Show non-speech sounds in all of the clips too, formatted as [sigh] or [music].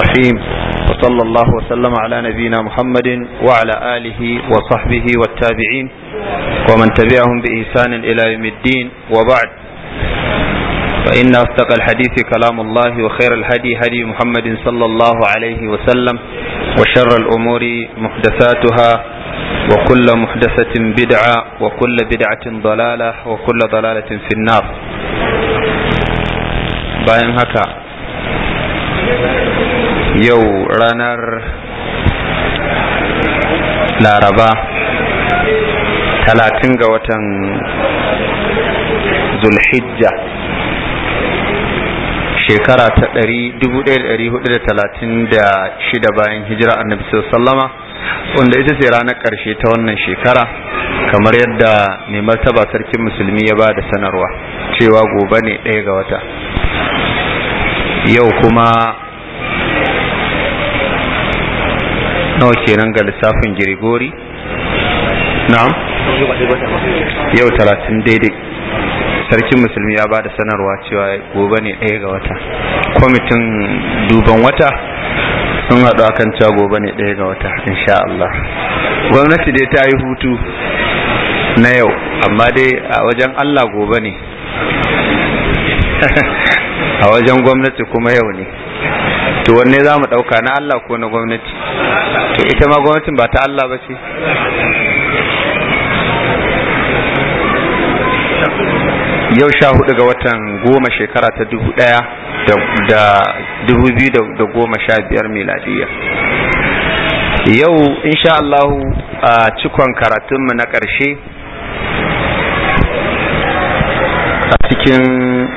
الرحيم وصلى الله وسلم على نبينا محمد وعلى آله وصحبه والتابعين ومن تبعهم بإحسان إلى يوم الدين وبعد فإن أصدق الحديث كلام الله وخير الهدي هدي محمد صلى الله عليه وسلم وشر الأمور محدثاتها وكل محدثة بدعة وكل بدعة ضلالة وكل ضلالة في النار باين هكا yau ranar laraba talatin ga watan zulhijja shekara ta ɗari da shida bayan hijira annabi sallama wanda ita ce ranar ƙarshe ta wannan shekara kamar yadda mai martaba sarkin musulmi ya ba da sanarwa cewa gobe ne ɗaya ga wata yau kuma nawa kenan ga lissafin girigori na'am yau talatin daidai sarkin musulmi ya ba da sanarwa cewa gobe ne ɗaya ga wata kwamitin duban wata sun haɗu kan cewa gobe ne ɗaya ga wata insha Allah gwamnati dai ta yi hutu na yau amma dai a wajen Allah gobe ne [laughs] a wajen gwamnati kuma yau ne to wanne za mu ɗauka na Allah ko na gwamnati to ita ma gwamnatin ba ta Allah ba ce yau sha hudu ga watan goma shekara ta dubu ɗaya da dubu biyu da goma sha biyar miladiyya yau insha Allahu a cikon karatunmu na ƙarshe a cikin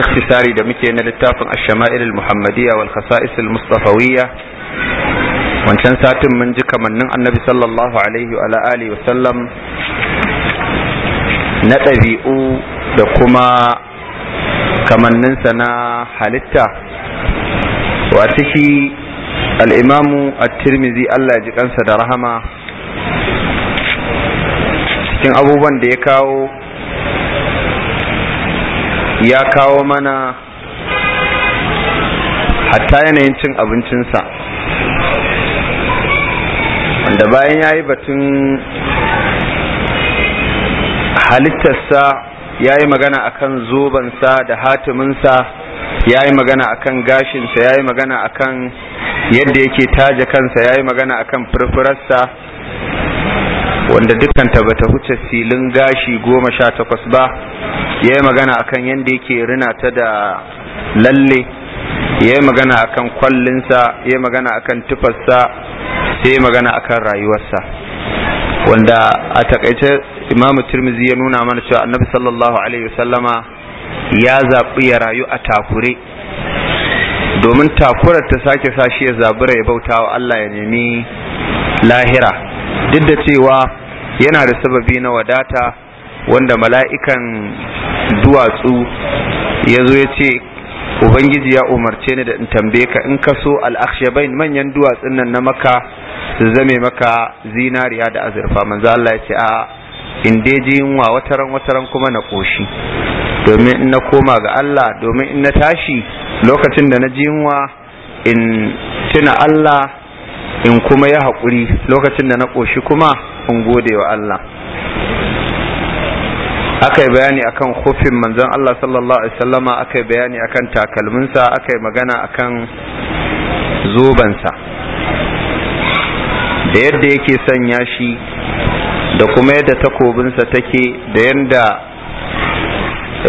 ikhtisari da muke na littafin ash-shama'il al-muhammadiyya wal khasa'is al-mustafawiyya wancan satin mun ji kamannin annabi sallallahu alaihi wa sallam na ɗabi'u da kuma kamanninsa na halitta wa ciki al'imamu a tirmizi Allah ji da rahama cikin abubuwan da ya kawo ya kawo mana hatta yanayin cin abincinsa wanda bayan ya yi batun halittarsa ya yi magana akan zobansa da hatiminsa ya yi magana akan gashinsa ya yi magana akan yadda yake taje kansa ya yi magana akan furfurarsa wanda dukkan ta bata huce filin gashi goma sha takwas ba ya yi magana akan yadda yake rina ta da lalle ya yi magana akan kwallinsa ya yi magana akan tufarsa sai ya magana akan rayuwarsa wanda a takaice imamu turmizi ya nuna mana cewa annabi sallallahu alaihi wasallama ya zaɓi ya rayu a takure domin takurar ta sake sashi ya zaɓi ya bauta wa Allah ya nemi lahira duk da cewa yana da sababi na wadata wanda mala'ikan duwatsu ya zo ya ce ubangiji ya umarce ni da in tambaye ka in ka so al'akshabain manyan duwatsun nan na maka su zame maka zinariya da azurfa manzo Allah ya ce a in dai ji wataran wataran kuma na koshi domin in na koma ga Allah domin in na tashi lokacin da na ji yunwa in tuna Allah in kuma ya haƙuri lokacin da na ƙoshi kuma in gode wa Allah aka yi bayani akan kofin manzon Allah sallallahu alaihi wasallama aka yi bayani akan takalminsa aka yi magana akan zobensa. da yadda yake sanya shi da kuma yadda takobinsa take da yadda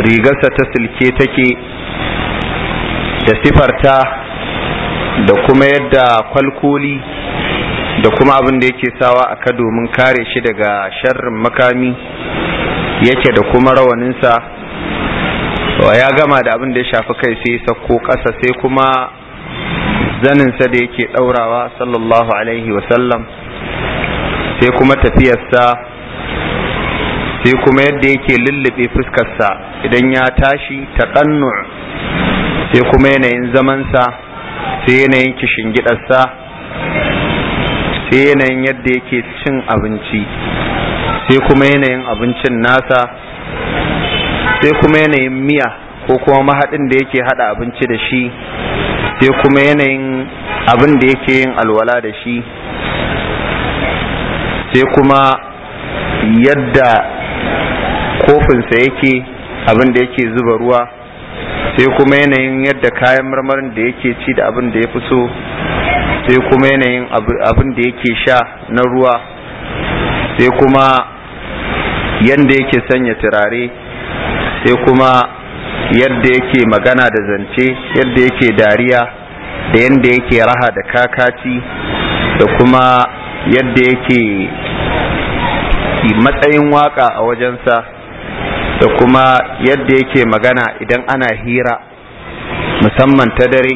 rigarsa ta silke take da sifarta da kuma yadda kwalkoli da kuma abin da yake sawa a ka domin kare shi daga sharrin makami yake da kuma rawaninsa ya gama da abin da ya shafi kai sai sauko ƙasa sai kuma zaninsa da yake ɗaurawa sallallahu alaihi wasallam sai kuma tafiyarsa sai kuma yadda yake lullube fuskarsa idan ya tashi ta sai kuma yanayin zamansa sai yanayin kishin gidansa sai yanayin yadda yake cin abinci sai kuma yanayin abincin nasa sai kuma yanayin miya ko kuma mahaɗin da yake haɗa abinci da shi sai kuma yanayin abin da yake yin alwala da shi sai kuma yadda kofinsa yake abin da yake zuba ruwa sai kuma yanayin yadda kayan marmarin da yake ci da abin da ya fi so sai kuma yanayin abin da yake sha na ruwa sai kuma yadda yake sanya turare sai kuma yadda yake magana da zance yadda yake dariya da yadda yake raha da kakaci da kuma yadda yake matsayin waka a wajensa da kuma yadda yake magana idan ana hira musamman ta dare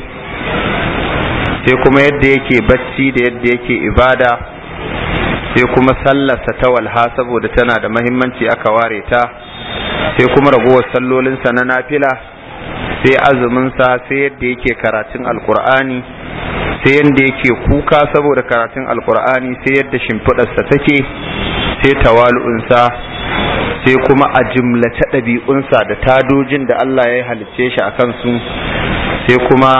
sai kuma yadda yake bacci da yadda yake ibada sai kuma sallarsa ta walha saboda tana da mahimmanci aka ware ta sai kuma ragowar sallolinsa na nafila sai azuminsa sai yadda yake karatun alkur'ani sai yadda yake kuka saboda karatun alkur'ani sai yadda shimfiɗarsa take sai tawalu'unsa sai kuma a jimlace ɗabi'unsa da tadojin da Allah ya halice shi a kansu sai kuma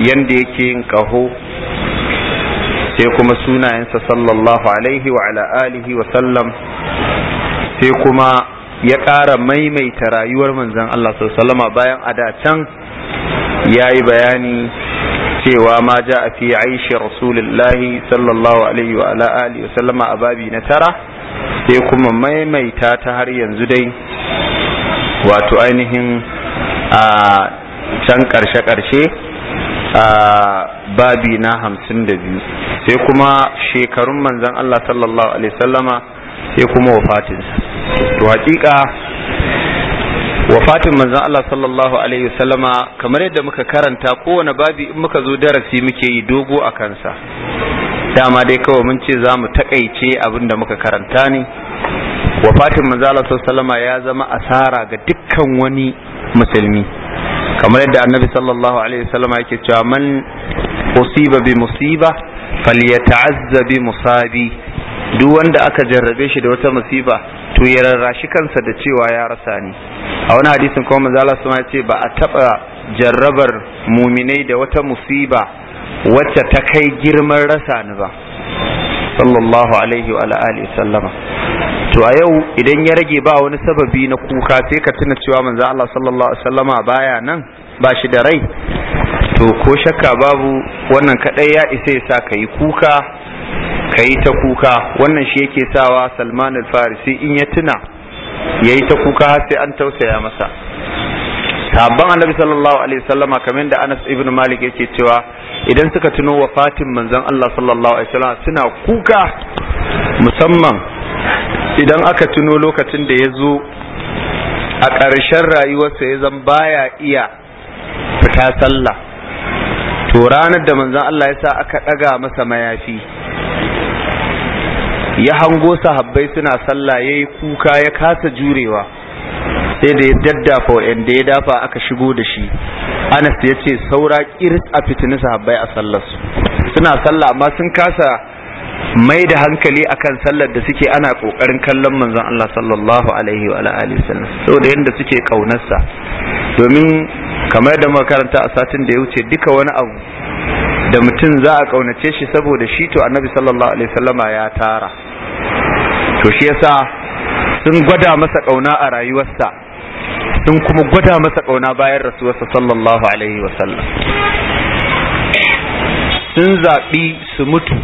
yadda yake yin ƙaho sai kuma sunayensa sallallahu alaihi wa ala alihi wa sallam sai kuma ya ƙara maimaita rayuwar manzan Allah sallama bayan a da can ya yi bayani cewa ma ja a fi aishi rasulullahi sallallahu alaihi wa ala alihi wa sallama a babi na tara sai kuma maimaita ta har yanzu dai wato ainihin a can karshe-karshe a babi na hamsin da biyu sai kuma shekarun manzan Allah sallallahu alaihi sallama sai kuma wafatinsa to hakika wafatin manzan Allah sallallahu alaihi sallama kamar yadda muka karanta kowane babi in muka zo darasi muke yi dogo a kansa dama dai kawai mun ce za mu takaice abin da muka karanta ne wafatin manzala sallama ya zama asara ga dukkan wani musulmi kamar yadda annabi sallallahu alaihi wasallama yake cewa man usiba bi musiba falyata'azza bi musabi duk wanda aka jarrabe shi da wata musiba to ya rarrashi kansa da cewa ya rasa ni a wani hadisin kuma manzala sallama ya ce ba a taba jarrabar muminai da wata musiba wacce ta kai girman rasa ni ba sallallahu alaihi wa alihi sallama to a yau idan ya rage ba wani sababi na kuka sai ka tuna cewa manzo Allah sallallahu alaihi sallama baya nan ba shi da rai to ko shakka babu wannan kadai ya isa ya sa ka yi kuka ka yi ta kuka wannan shi yake sawa Salman al-Farisi in ya tuna ya yi ta kuka har sai an tausaya masa sabban annabi sallallahu alaihi wasallama kamar da Anas ibn Malik yake cewa idan suka tuno wafatin manzan Allah sallallahu alaihi wasallam suna kuka musamman idan aka tuno lokacin da ya zo a ƙarshen rayuwarsa ya zan baya iya fita sallah to ranar da manzan Allah ya sa aka ɗaga masa mayafi ya hango sahabbai suna sallah ya yi kuka ya kasa jurewa sai da ya daddafa wa'anda ya dafa aka shigo da shi anas ya ce saura kiris a fitini sahabbai a sallarsu suna sallah amma sun kasa mai da hankali akan sallar da suke ana kokarin kallon manzon Allah sallallahu alaihi wa alihi sallam) saboda yanda suke kaunarsa domin kamar da makaranta a satin da ya wuce duka wani abu da mutum za a kaunace shi saboda shi to annabi sallallahu alaihi wasallama ya tara to shi yasa sun gwada masa ƙauna a rayuwarsa sun kuma gwada masa ƙauna bayan rasuwarsa sallallahu alaihi wasallam sun zaɓi su mutu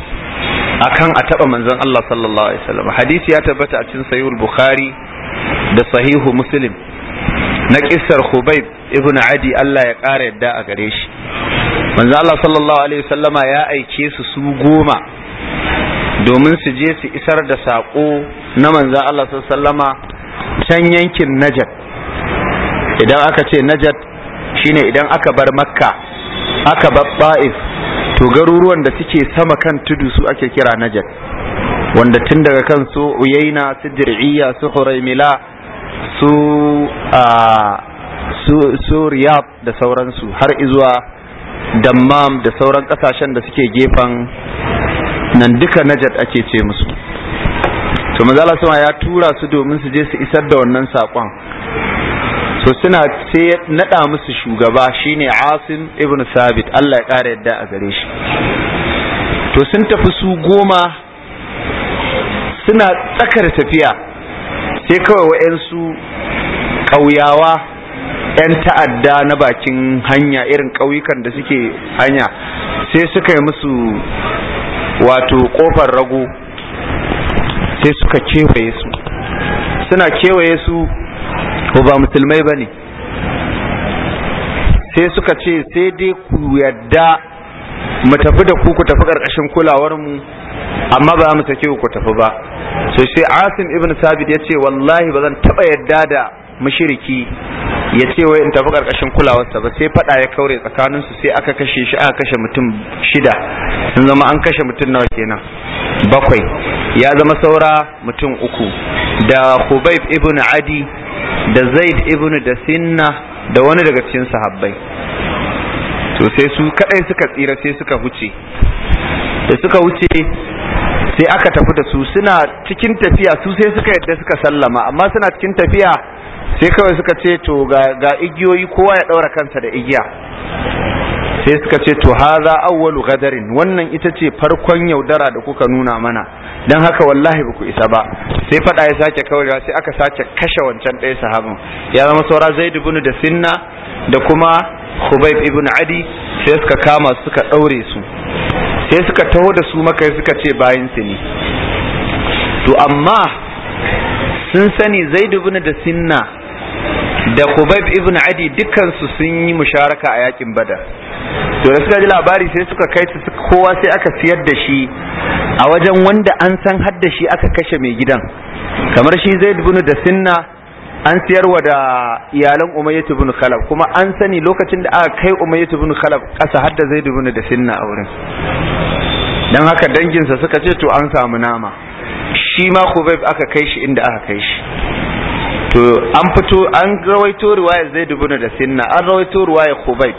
akan a taɓa manzon Allah sallallahu alaihi wasallam hadisi ya tabbata a cikin sahihul bukhari da sahihu muslim na kissar Hubayb ibn Adi Allah ya ƙara yadda a gare shi manzo Allah sallallahu alaihi wasallama ya aike su su goma domin su je su isar da saƙo na manzan Allah sallama can yankin najat idan aka ce najat shine idan aka bar makka aka bar Ba'is, to garuruwan da suke sama kan tudu su ake kira najat wanda tun daga kan su uyaina su dir'iyya su huraimila su su riyab da sauransu har izuwa dammam da sauran kasashen da suke gefen nan duka najat ake ce musu to manzala sama ya tura su domin su je su isar da wannan saƙon so suna ce nada musu shugaba shine asim ibn sabit allah ya ƙara yadda a gare shi to sun tafi su goma suna tsakar tafiya sai kawai wa'yansu ƙauyawa 'yan ta'adda na bakin hanya irin ƙauyukan da suke hanya sai suka yi musu wato kofar rago sai suka kewaye su suna kewaye su ko ba musulmai ba ne sai suka ce sai dai ku yadda mu tafi da ku ku tafi ƙarƙashin kulawarmu amma ba mu sake ku tafi ba sai sai asim ibn sabit ya ce wallahi ba zan taɓa yadda da mashiriki ya ce wai in tafi karkashin kulawarsa ba sai fada ya kaure tsakaninsu sai aka kashe shi aka kashe mutum shida sun zama an kashe mutum nawa kenan bakwai ya zama saura mutum uku da hubaib ibn adi da zaid ibn da sinna da wani daga cikin sahabbai to sai su kadai suka tsira sai suka huce da suka wuce sai aka tafi da su suna cikin tafiya su sai suka yadda suka sallama amma suna cikin tafiya sai kawai suka ce to ga igiyoyi kowa ya ɗaura kansa da igiya sai suka ce to haza awwalu gadarin wannan ita ce farkon yaudara da kuka nuna mana don haka wallahi ba ku isa ba sai fada ya sake kaurewa sai aka sake kashe wancan ɗaya sahabin ya zama saura zai dubu da sinna da kuma hubaib ibn adi sai suka kama suka ɗaure su sai suka taho da su maka suka ce bayan su ne to amma sun sani zai dubu da sinna da kubaib ibn adi dukansu sun yi musharaka a yakin badar to da suka ji labari sai suka kai su kowa sai aka siyar da shi a wajen wanda an san haddashi shi aka kashe mai gidan kamar shi zaid bin da sinna an siyarwa da iyalan umayyatu ibn khalaf kuma an sani lokacin da aka kai umayyatu ibn khalaf kasa hadda zai zaid da sinna a wurin dan haka danginsa suka ce to an samu nama shi ma kubaib aka kai shi inda aka kai shi to an fito an rawaito riwaya zaid ibn da sinna an rawaito riwaya khubayb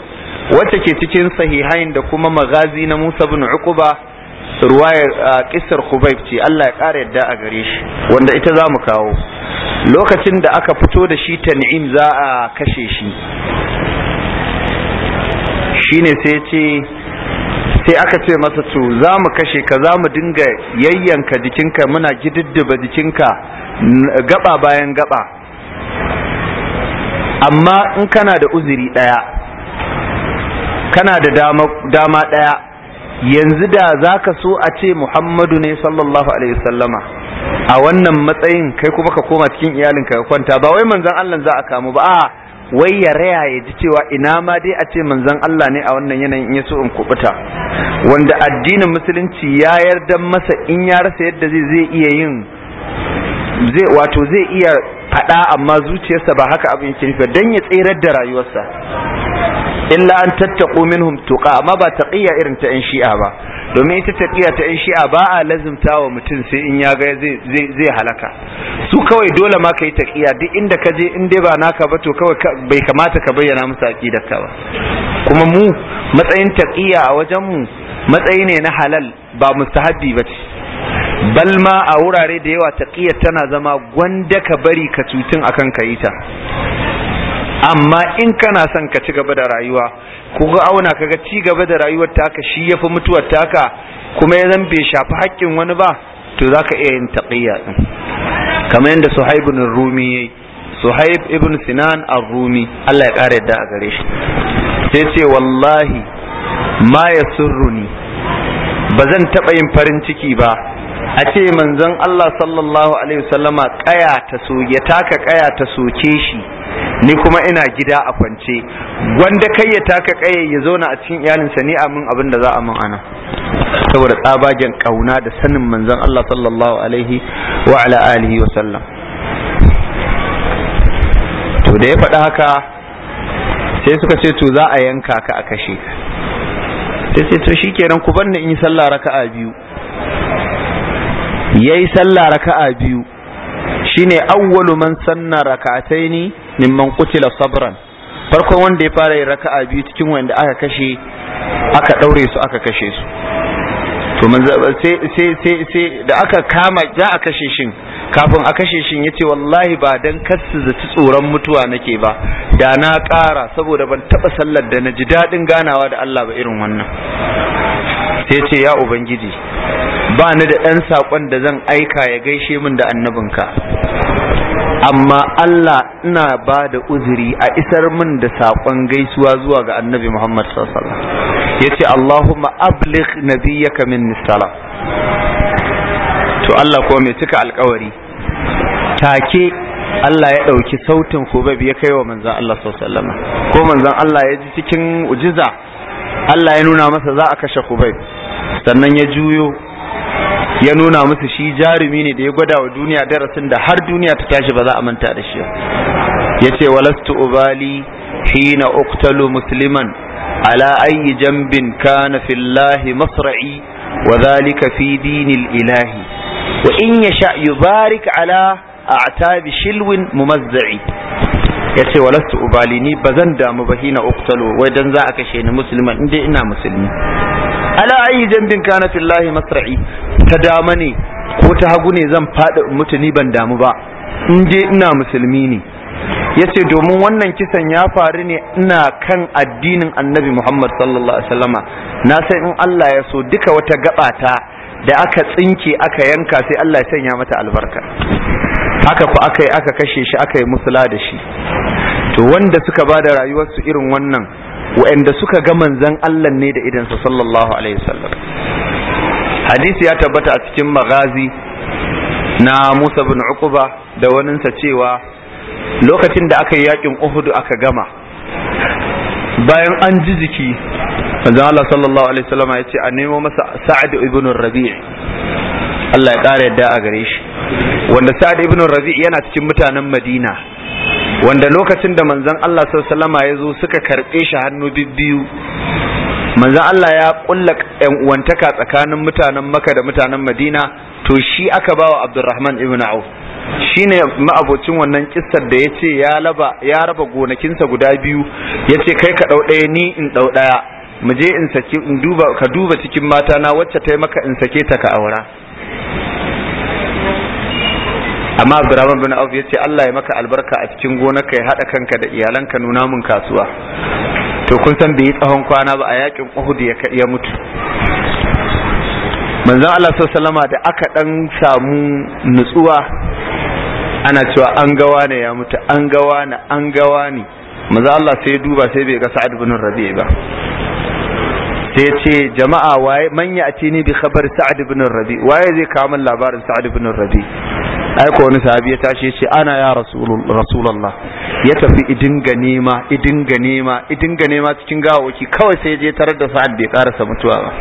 wacce ke cikin sahihain da kuma magazi na Musa ibn Uqba riwaya kisar Khubayb ce Allah ya kara yadda a gare shi wanda ita za kawo lokacin da aka fito da shi tan'im za a kashe shi shine sai ce sai aka ce masa to za mu kashe ka za mu dinga yayyanka jikinka muna gididdiba jikinka gaba bayan gaba amma in kana da uzuri ɗaya kana da dama ɗaya yanzu da za ka so a ce muhammadu ne sallallahu alaihi wasallama a wannan matsayin kai kuma ka koma cikin iyalinka ka kwanta ba wai manzan allah za a kamu ba a wai ya raya ya ji cewa ina ma dai a ce manzan allah ne a wannan yanayin ya so in kubuta wanda addinin musulunci ya yarda masa in ya rasa yadda zai zai iya yin zai wato zai iya faɗa amma zuciyarsa ba haka abin yake nufi dan ya tserar da rayuwarsa illa an tattaqu minhum tuqa amma ba taqiya irin ta yan shi'a ba domin ita taqiya ta yan shi'a ba a lazimta wa mutum sai in ya ga zai zai halaka su kawai dole ma kai taqiya duk inda ka je in dai ba naka ba to kawai bai kamata ka bayyana musu aqidarka ba kuma mu matsayin taqiya a wajen mu matsayi ne na halal ba mustahabbi ba ce balma a wurare da yawa taqiyar tana zama gwanda ka bari ka cutun akan ka yi ta amma in kana son ka ci gaba da rayuwa ko ga auna kaga ci gaba da rayuwar taka shi yafi mutuwar taka kuma ya zan bai shafi haƙƙin wani ba to zaka iya yin taqiyya din kamar yadda Suhaib ibn Rumi yayi Suhaib ibn Sinan ar-Rumi Allah ya kare da a gare shi sai ce wallahi ma yasurruni ba zan taɓa yin farin ciki ba a ce manzon Allah sallallahu alaihi wasallama kaya ta so ya taka kaya ta soke shi ni kuma ina gida a kwance wanda kai ya taka kaya ya zauna a cikin iyalinsa ni amin abin da za a mun ana saboda tsabagen kauna da sanin manzon Allah sallallahu alaihi wa ala alihi wasallam sallam to da ya faɗa haka sai suka ce to za a yanka ka a kashe ka sai sai to shikenan ku na in yi sallah raka'a biyu yayi sallah raka'a biyu shine awwalu man sanna rak'ataini mimman qutila sabran farkon wanda ya fara yin raka'a biyu cikin wanda aka kashe aka daure su aka kashe su to sai da aka kama za a kashe shin kafin a kashe shin yace wallahi ba dan kasu zaci tsoron mutuwa nake ba da na ƙara saboda ban taba sallar da na ji daɗin ganawa da Allah ba irin wannan sai ce ya ubangiji ba ni da ɗan saƙon da zan aika ya gaishe min da annabinka amma Allah ina ba da uzuri a isar min da saƙon gaisuwa zuwa ga annabi Muhammad sallallahu alaihi wasallam yace Allahumma abligh nabiyyaka min salam to Allah ko mai cika alkawari take Allah ya ɗauki sautin kubabi ya kai wa manzan Allah sallallahu ko manzan Allah ya ji cikin ujiza Allah ya nuna masa za a kashe kubaib sannan ya juyo ya nuna musu shi jarumi ne da ya gwada wa duniya darasin da har duniya ta tashi ba za a manta da shi ya ce walastu ubali hina uktalu musliman على أي جنب كان في الله مصرعي وذلك في دين الإله وإن يشاء يبارك على أعتاب شلو ممزعي yace walastu ubali ni bazan damu ba hina uqtalu wai dan za a kashe ni musulman inda ina musulmi ala ayi jambin kana fillahi masra'i ta dama ne ko ta hagu ne zan faɗi mutuni ban damu ba in je ina musulmi ne ya ce domin wannan kisan ya faru ne ina kan addinin annabi muhammad sallallahu alaihi wasallama na san in allah ya so duka wata gabata da aka tsinke aka yanka sai allah ya sanya mata albarka haka ku aka yi aka kashe shi aka yi musula da shi to wanda suka ba da rayuwarsu irin wannan wa'anda suka ga manzan allah ne da idansa sallallahu alaihi wasallam hadisi ya tabbata a cikin magazi na musa bin uquba da waninsa cewa lokacin da aka yi yakin uhudu aka gama bayan an ji jiki manzon Allah sallallahu alaihi wasallam ya ce a nemo masa Sa'ad ibn Rabi' Allah ya ƙara yadda a gare shi wanda Sa'ad ibn Rabi' yana cikin mutanen Madina wanda lokacin da manzon Allah sallallahu alaihi wasallam ya zo suka karbe shi hannu bibbiyu manzon Allah ya kulla yan uwantaka tsakanin mutanen Makka da mutanen Madina to shi aka bawa Abdurrahman ibn Auf shine ma'abocin wannan kissar da yace ya laba ya raba gonakinsa guda biyu yace kai ka dau ɗaya ni in dau ɗaya mu je in saki ka duba cikin mata na wacce ta maka in sake ta ka aura amma Abdurrahman bin Auf yace Allah ya maka albarka a cikin gonarka ya haɗa kanka da iyalanka nuna mun kasuwa to kun san bai yi tsawon kwana ba a yakin Uhud ya mutu manzon Allah sallama da aka dan samu nutsuwa ana cewa an gawa ne ya mutu an gawa ne an gawa ne maza Allah sai duba sai bai ga sa'ad bin rabi ba sai ce jama'a waye manya a ni bi khabar sa'ad bin rabi waye zai kawo min labarin sa'ad bin rabi ai ko wani sahabi ya tashi ya ce ana ya rasulullah ya tafi idinga nema idinga nema idinga nema cikin gawawaki kawai sai je tarar da sa'ad bai karasa mutuwa ba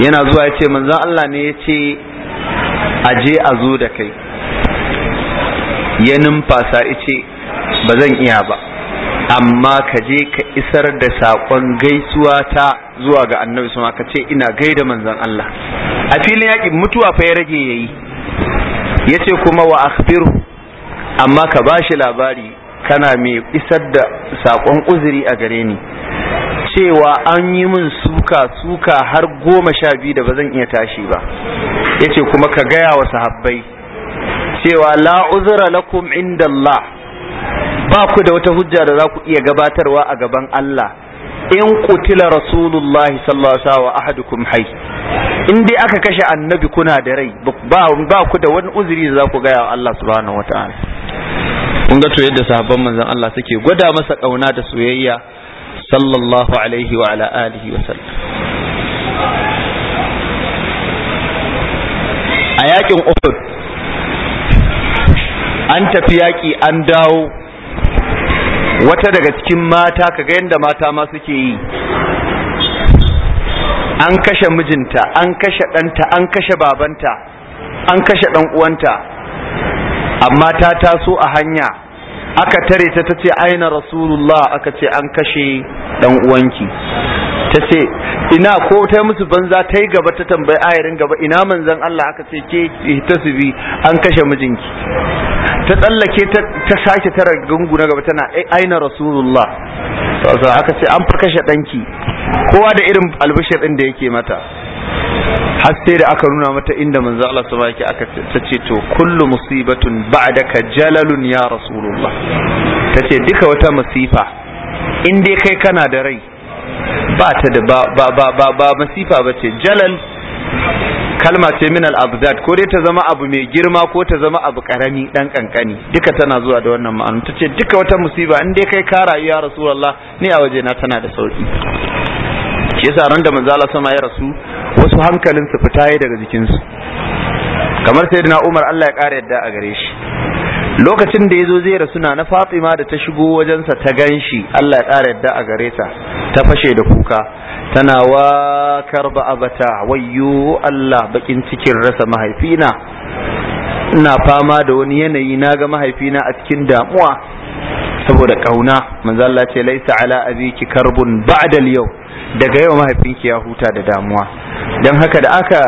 yana zuwa ya ce manzon Allah ne ya ce Aje a zo da kai ya numfasa ice ba zan iya ba amma ka je ka isar da saƙon gaisuwa ta zuwa ga annabi sama ka ce ina gaida manzon Allah a filin yaƙi mutuwa fa ya rage yayi ya ce kuma wa akhbiru amma ka bashi labari kana mai isar da saƙon uzuri a gare ni cewa an yi min suka suka har goma sha biyu da ba zan iya tashi ba Ya ce kuma ka gaya wa sahabbai cewa la uzra lakum inda Allah ba ku da wata hujja da za ku iya gabatarwa a gaban Allah in kutila rasulullahi sallallahu alaihi wa ahadukum hay in dai aka kashe annabi kuna da rai ba ba ku da wani uzuri da za ku gaya wa Allah subhanahu wataala kun ga to yadda sahabban manzon Allah suke gwada masa kauna da soyayya sallallahu alaihi wa ala alihi wa a yakin Uhud an tafi yaki an dawo wata daga cikin mata kaga yadda mata ma suke yi an kashe mijinta an kashe ɗanta an kashe babanta an kashe ɗan uwanta amma ta taso a hanya aka tare ta ta ce aina rasulullah aka ce an kashe dan uwanki ta ce ina ko ta musu banza ta yi gaba ta tambayi ayarin gaba ina manzan Allah aka ce ke ta su bi an kashe mijinki ta tsallake ta sake tara gungu na gaba tana eh, aina rasulullah aka ce an fa kashe danki kowa da irin albishir din da yake mata har sai da aka nuna mata inda manzo Allah su baki aka tace to kullu musibatun ba'daka jalalun ya rasulullah tace duka wata masifa in dai kai kana da rai ba ta da ba ba ba ba masifa bace jalal kalma ce min al-abdad ko dai ta zama abu mai girma ko ta zama abu karami dan kankani duka tana zuwa da wannan ma'ana tace duka wata musiba in dai kai ka rayu ya rasulullah ni a waje na tana da sauki yasa ran da manzo Allah sama ya rasu wasu hankalin su fita yi daga jikinsu kamar sai na umar allah ya ƙara yadda a gare shi lokacin da ya zo zai rasu na na fatima da ta shigo wajensa ta gan shi allah ya ƙara yadda a gare ta ta fashe da kuka tana wa karba abata wayyo allah bakin cikin rasa mahaifina ina fama da wani yanayi na ga mahaifina a cikin damuwa saboda ƙauna manzo ce laisa ala abiki karbun ba'da yau daga yau mahaifinki ya huta da damuwa don haka da aka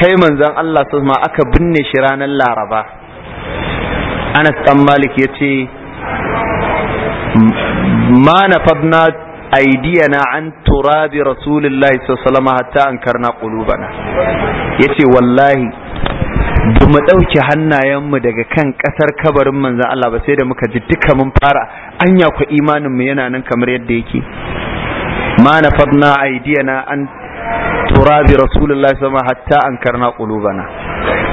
kai manzon Allah ma aka binne shi ranar laraba anas dan malik ya ce ma nafadna aidiyana an turabi rasulillahi sallallahu hatta an karna ya ce wallahi ba mu ɗauki hannayenmu daga kan ƙasar kabarin manzan Allah ba sai da muka ji duka mun fara anya ku imaninmu yana nan kamar yadda yake ma nafadna aidiyana an turabi rasulullahi sama hatta an karna qulubana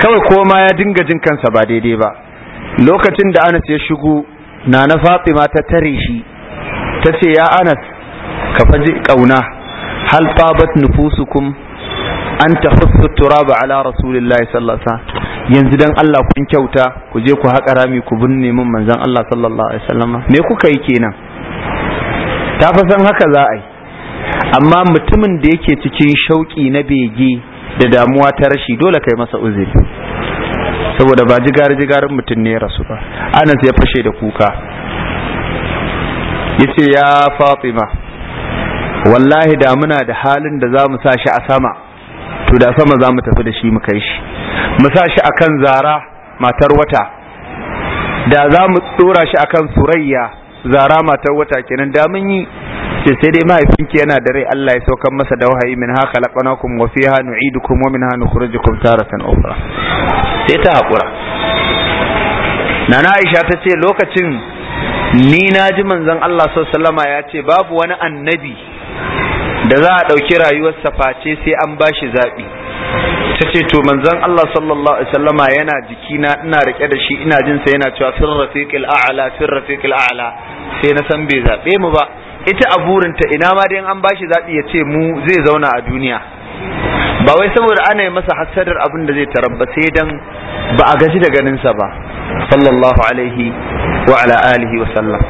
kawai koma ya dinga jin kansa ba daidai ba lokacin da Anas ya shigo na na Fatima ta tare shi ta ce ya Anas ka faji kauna hal tabat nufusukum an tafasa turaba ala rasulillahi sallallahu yanzu dan Allah kun kyauta ku je ku haƙa rami ku binne min manzon Allah sallallahu alaihi wasallam me kuka yi kenan ta fa san haka za a yi amma mutumin da yake cikin shauƙi na bege da damuwa ta rashi dole kai masa uzuri saboda ba jigar jigar mutum ne rasu ba anas ya fashe da kuka ya ce ya fatima wallahi da muna da halin da za mu sa shi a sama to da sama za mu tafi da shi mu kai shi mu sa shi kan zara matar wata da za mu tsora shi a kan surayya zara matar wata kenan da mun yi ce sai dai mahaifinki yana da rai Allah ya saukar masa da wahayi min haka laqanakum wa fiha nu'idukum wa minha nukhrijukum taratan ukhra sai ta hakura nana Aisha ta ce lokacin ni na ji manzon Allah sallallahu alaihi ya ce babu wani annabi da za a ɗauki rayuwarsa face sai an ba shi zaɓi ta ce to manzon Allah sallallahu alaihi wasallama yana jikina ina rike da shi ina jinsa yana cewa sirrafiqil rafiqil a'la sirrafiqil rafiqil a'la sai na san bai zaɓe mu ba ita a burinta ina ma dai an bashi zaɓi ya ce mu zai zauna a duniya ba wai saboda ana yi masa hasadar abin da zai tarabba sai dan ba a gaji da ganinsa ba sallallahu alaihi wa ala alihi wa sallam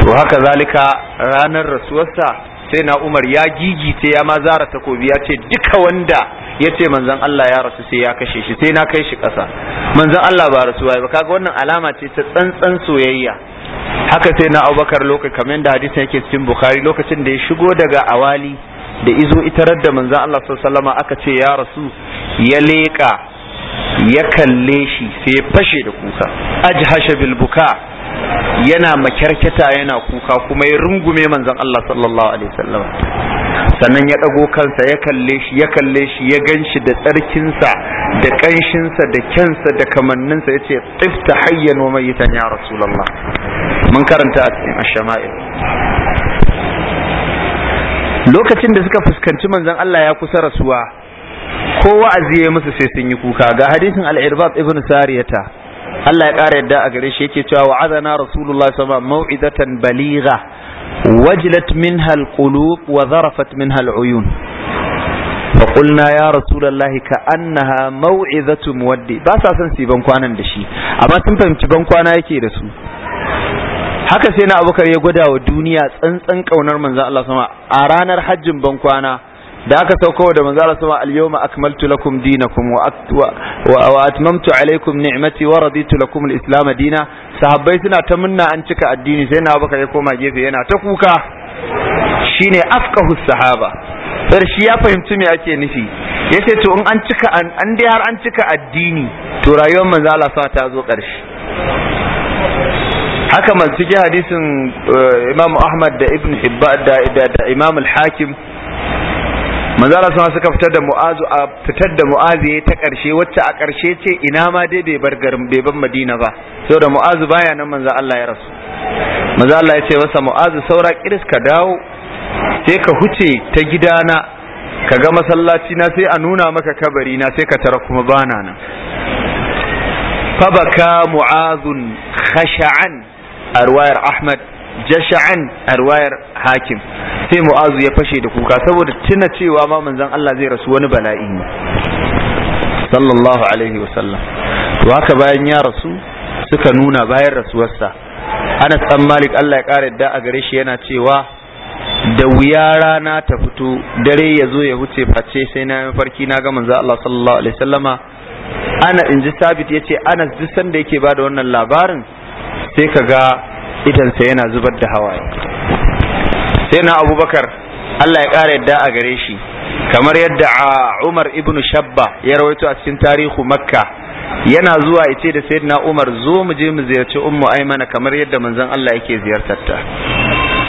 to haka zalika ranar rasuwarsa sai na umar ya gigice ya ma zara takobi ya ce duka wanda ya ce manzon Allah ya rasu sai ya kashe shi sai na kai shi ƙasa manzon Allah ba rasu ba kaga wannan alama ce ta tsantsan soyayya haka sai na abubakar lokacin kamar yadda hadisin yake cikin bukhari lokacin da ya shigo daga awali da izo itarar da manzon Allah sallallahu aka ce ya rasu ya leƙa ya kalle shi sai ya fashe da kuka ajhasha bil buka yana makyarkyata yana kuka kuma ya rungume manzon Allah sallallahu alaihi wasallam sannan ya ɗago kansa ya kalle shi ya kalle shi ya gan shi da tsarkinsa da ƙanshinsa da kyansa da kamanninsa ya ce tsifta hayyan wa mayitan ya rasulallah mun karanta a cikin ashama'il lokacin da suka fuskanci manzon Allah ya kusa rasuwa ko wa'azi ya musu sai sun yi kuka ga hadisin al-irbad ibn sariyata Allah ya ƙara yadda a gare shi yake cewa wa'azana rasulullah sama mau'izatan baligha wajilat minha alqulub wa zarafat min aluyun fa qulna ya rasulullahi ka annaha mau'izatu muwaddi ba sa son su ban kwanan da shi amma sun fahimci ban kwana yake da su haka sai na abubakar ya gwada wa duniya tsantsan kaunar manzon Allah sama a ranar hajjin ban kwana da aka sauko da manzala sama al-yawma akmaltu lakum dinakum wa wa atmamtu alaykum ni'mati wa raditu lakum al-islam dina sahabbai suna ta munna an cika addini sai na baka ya koma gefe yana ta kuka shine afqahu sahaba sai shi ya fahimci me ake nufi yace to in an cika an dai har an cika addini to rayuwar manzala sa ta zo karshe haka man cikin hadisin eh, Imam Ahmad da Ibn Hibba da Imam Al-Hakim manzala sama suka fitar da mu'azu a fitar da mu'azu yayi ta karshe wacce a karshe ce ina ma dai bai bar garin bai bar madina ba saboda mu'azu baya nan manzo Allah ya rasu manzo Allah ya ce masa mu'azu saura kiris ka dawo sai ka huce ta gidana ka ga masallaci na sai a nuna maka kabari na sai ka tara kuma bana nan fabaka mu'azun khasha'an a ruwayar Ahmad jasha'an a ruwayar hakim sai mu'azu ya fashe da kuka saboda tuna cewa ma manzan Allah zai rasu wani bala'i ne sallallahu alaihi wasallam to haka bayan ya rasu suka nuna bayan rasuwarsa Anas dan Malik Allah ya kare da a gare shi yana cewa da wuya rana ta fito dare ya zo ya huce face sai na farki na ga manzan Allah sallallahu alaihi wasallama ana inji sabit yace Anas duk sanda yake bada wannan labarin sai ka ga. idansa yana zubar da hawaye sai na abubakar Allah ya ƙara yadda a gare shi kamar yadda umar ibn shabba ya rawaito a cikin tarihu makka yana zuwa ice da sayyidina umar zo mu je mu ziyarci ummu aimana kamar yadda manzon Allah yake ziyartar ta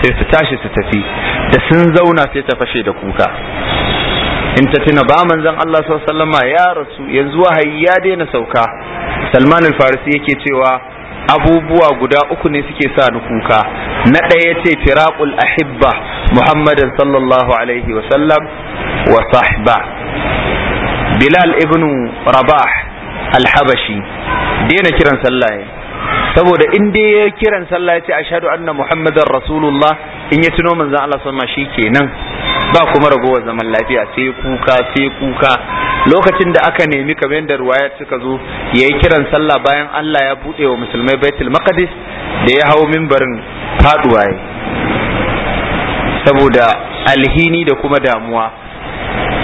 sai su tashi su tafi da sun zauna sai ta fashe da kuka in ta tuna ba manzon Allah sallallahu alaihi ya rasu yanzu wahayi ya daina sauka Salman al-Farisi yake cewa abubuwa guda uku ne suke sa ni kuka na ɗaya ce firaqul ahibba muhammadin sallallahu alaihi wa sallam wa sahba bilal ibn rabah alhabashi daina kiran sallaye saboda in dai ya kiran sallah ya ce ashhadu anna muhammadar rasulullah in ya tuno manzon Allah sallallahu shi kenan. ba kuma ragowar zaman lafiya sai kuka sai kuka lokacin da aka nemi kamar yadda ruwaya suka zo ya yi kiran sallah bayan Allah ya buɗe wa musulmai baitul maqdis da ya hau mimbarin faduwa saboda alhini da kuma damuwa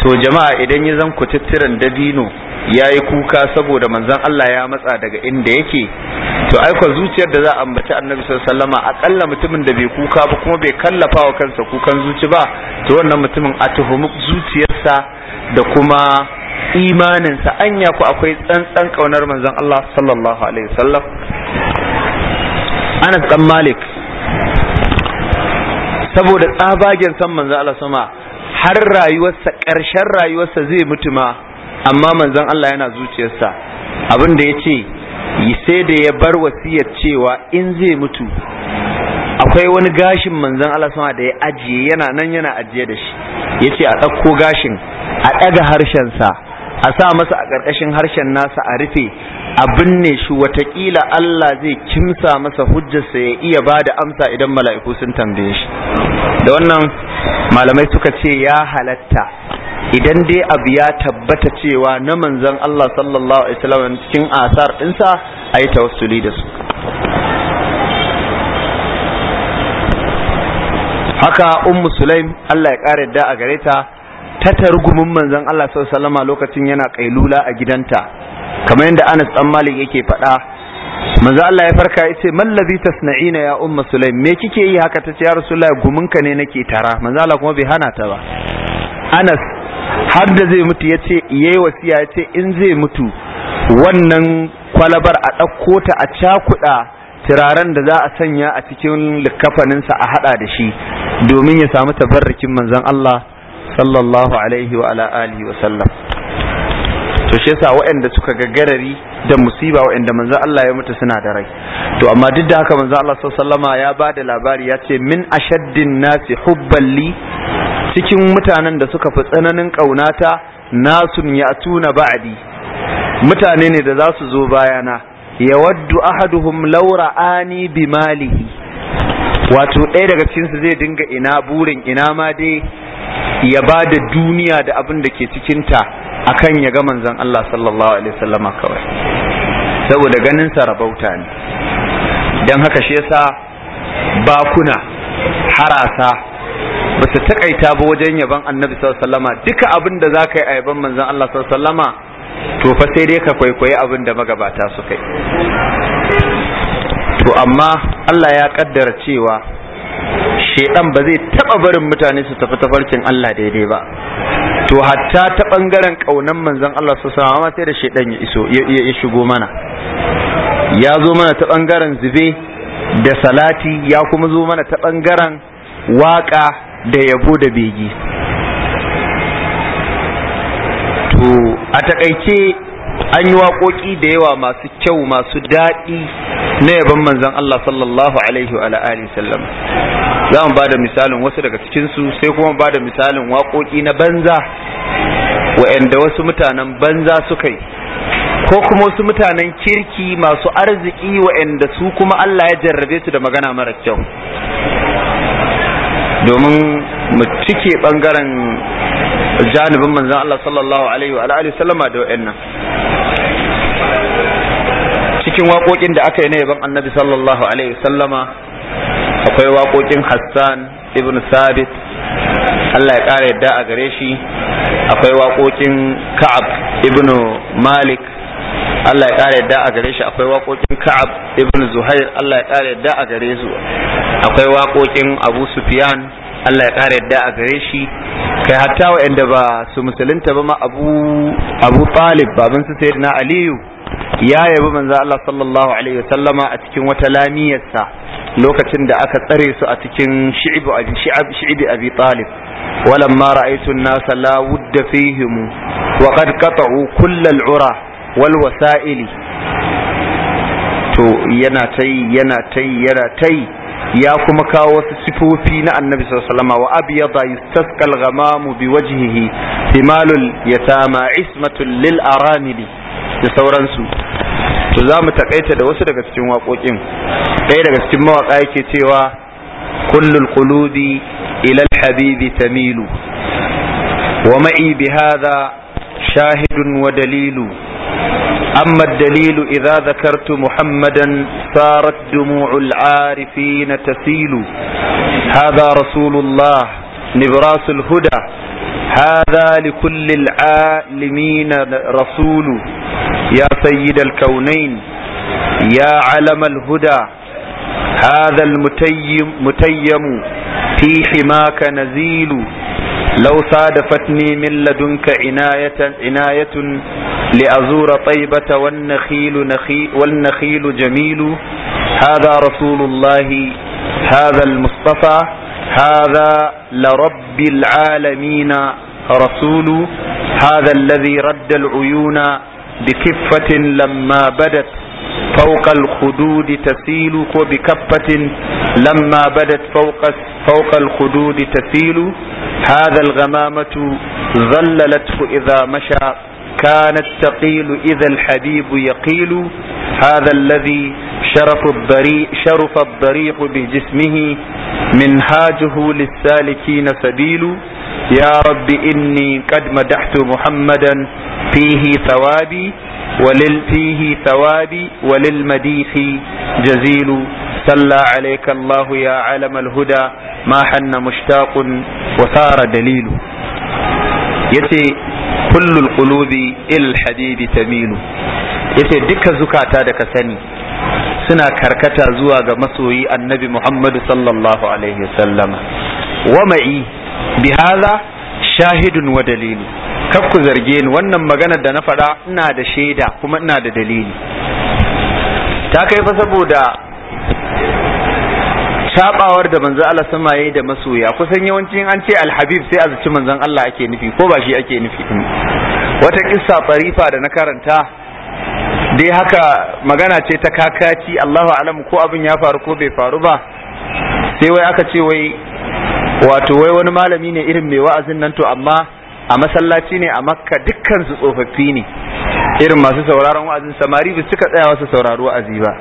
to jama'a idan ya zan tattiran dabino ya yi kuka saboda manzon Allah ya matsa daga inda yake to aiko zuciyar da za a ambaci annabi wasallam akalla mutumin da bai kuka ba kuma bai kallafa wa kansa kukan zuci ba to wannan mutumin a tuhumu zuciyarsa da kuma imaninsa anya ku akwai tsantsan kaunar manzon Allah sallallahu alaihi wasallam Anas dan Malik saboda tsabagen san manzon Allah sama har rayuwarsa ƙarshen rayuwarsa zai mutuma ma amma manzon Allah yana zuciyarsa abin da ya ce sai da ya bar wasiyar cewa in zai mutu akwai wani gashin manzon Allah sama da ya ajiye yana nan yana ajiye da shi ya ce a ɗauko gashin a ɗaga harshensa a sa masa a ƙarƙashin harshen nasa a rufe a binne shi watakila Allah zai kimsa masa hujjarsa ya iya ba da amsa idan mala'iku sun tambaye shi da wannan malamai suka ce ya halatta idan dai abu ya tabbata cewa na Manzan Allah sallallahu alaihi wasallam cikin asar dinsa yi tawassuli da su haka ummu sulaim Allah ya ƙara yadda a gare ta ta rugumin Manzan Allah sallallahu alaihi wasallam lokacin yana kailula a gidanta kamar yadda Anas dan Malik yake faɗa manzan Allah ya farka ya ce mallazi tasna'ina ya umma sulaim me kike yi haka ta ce ya rasulullahi gumunka ne nake tara manzan Allah kuma bai hana ta ba Anas har da zai mutu ya ce yayi wasiya ya ce in zai mutu wannan kwalabar a ɗauko ta a cakuɗa turaren da za a sanya a cikin likafaninsa a haɗa da shi domin ya samu tabarrakin manzon Allah sallallahu alaihi wa ala wa sallam to shi yasa waɗanda suka ga garari da musiba waɗanda manzan Allah ya mutu suna da rai to amma duk da haka manzan Allah sallallahu alaihi wa sallama ya bada labari ya ce min ashaddin nasi hubban li cikin mutanen da suka fi tsananin ƙaunata nasun ya tuna ba'adi mutane ne da za su zo bayana ya waddu ahaduhum laura ani bi malihi wato ɗaya daga cikinsu zai dinga ina burin ina ma dai ya ba da duniya da abin da ke cikinta a kan ya ga manzan Allah sallallahu alaihi wasallama kawai saboda ganin sa rabauta ne don haka shi yasa bakuna harasa ba ta takaita ba wajen yaban annabi sallama duka abin da za ka yi a yaban manzon Allah sallama to fa sai dai ka kwaikwayi abin da magabata su kai. to amma Allah ya kaddara cewa shedan ba zai taba barin mutane su tafi tafarkin Allah daidai ba to hatta ta bangaren kaunan manzon Allah su ma sai da shedan ya iso ya shigo mana ya zo mana ta bangaren zube da salati ya kuma zo mana ta bangaren waka da yabo da begi to a takaice an yi waƙoƙi da yawa masu kyau masu daɗi na yaban manzan Allah sallallahu alaihi wa alihi sallam za mu bada misalin wasu daga cikinsu sai kuma bada misalin waƙoƙi na banza wa'anda wasu mutanen banza suka yi ko kuma wasu mutanen kirki masu arziki wa'anda su kuma Allah ya jarrabe su da magana mara kyau domin mu cike bangaren janibin manzan Allah sallallahu alaihi wa alihi sallama da nan cikin waƙoƙin da aka yi na yaban annabi sallallahu alaihi sallama akwai waƙoƙin Hassan ibn Sabit Allah ya ƙara yadda a gare shi akwai waƙoƙin Ka'ab ibn Malik Allah ya ƙara yadda a gare shi akwai waƙoƙin Ka'ab ibn Zuhair Allah ya ƙara yadda a gare su akwai waƙoƙin Abu Sufyan Allah ya ƙara yadda a gare shi kai hatta waɗanda ba su musulunta ba ma Abu Abu Talib baban su Sayyidina Aliyu ya yabi manzo Allah sallallahu alaihi wasallama a cikin wata lamiyarsa lokacin da aka tsare su a cikin shi'ibu abi shi'ab shi'ibi abi talib walamma ra'aytu an-nasa la wudda fihim wa qad qata'u kullal ura wal wasa'ili to yana ta yana ta yi yana ya kuma kawo wasu sifofi na annabi sallama wa abyada yustasqal bi biwajhihi himalul yatama ismatul lil aramili da sauransu to zamu mu takaita da wasu daga cikin waƙoƙin ɗaya daga cikin mawaƙa yake cewa kullul qulubi ila habibi tamilu wa ma'i bi bihadha shahidun wa dalilu أما الدليل إذا ذكرت محمدا صارت دموع العارفين تسيل هذا رسول الله نبراس الهدى هذا لكل العالمين رسول يا سيد الكونين يا علم الهدى هذا المتيم متيم في حماك نزيل لو صادفتني من لدنك عناية عناية لأزور طيبة والنخيل نخيل والنخيل جميل هذا رسول الله هذا المصطفى هذا لرب العالمين رسول هذا الذي رد العيون بكفة لما بدت فوق الخدود تسيل وبكفة لما بدت فوق فوق الخدود تسيل هذا الغمامة ظللته إذا مشى كانت تقيل إذا الحبيب يقيل هذا الذي شرف الضريق شرف الضريق بجسمه منهاجه للسالكين سبيل يا رب إني قد مدحت محمدا فيه ثوابي ولل فيه ثوابي وللمديح جزيل صلى عليك الله يا عالم الهدى ما حن مشتاق وثار دليل يتي كل القلوب الحديد تميل yace duka zukata da ka sani suna karkata zuwa ga masoyi annabi Muhammadu sallallahu alaihi wasallama wa shahidun wa dalili kaf ku zarge ni wannan magana da na faɗa ina da shaida kuma ina da dalili ta kai fa saboda sabawar da manzo Allah sama yayi da masoya kusan yawancin an ce alhabib sai a zaci manzon Allah ake nufi ko ba shi ake nufi wata kissa tsarifa da na karanta dai haka magana ce ta kakaci Allahu alam ko abin ya faru ko bai faru ba sai wai aka ce wai wato wai wani malami ne irin mai wa'azin nan to amma a masallaci ne a makka dukkan su tsofaffi ne irin masu sauraron wa'azin samari ba suka tsaya wasu sauraro wa'azi ba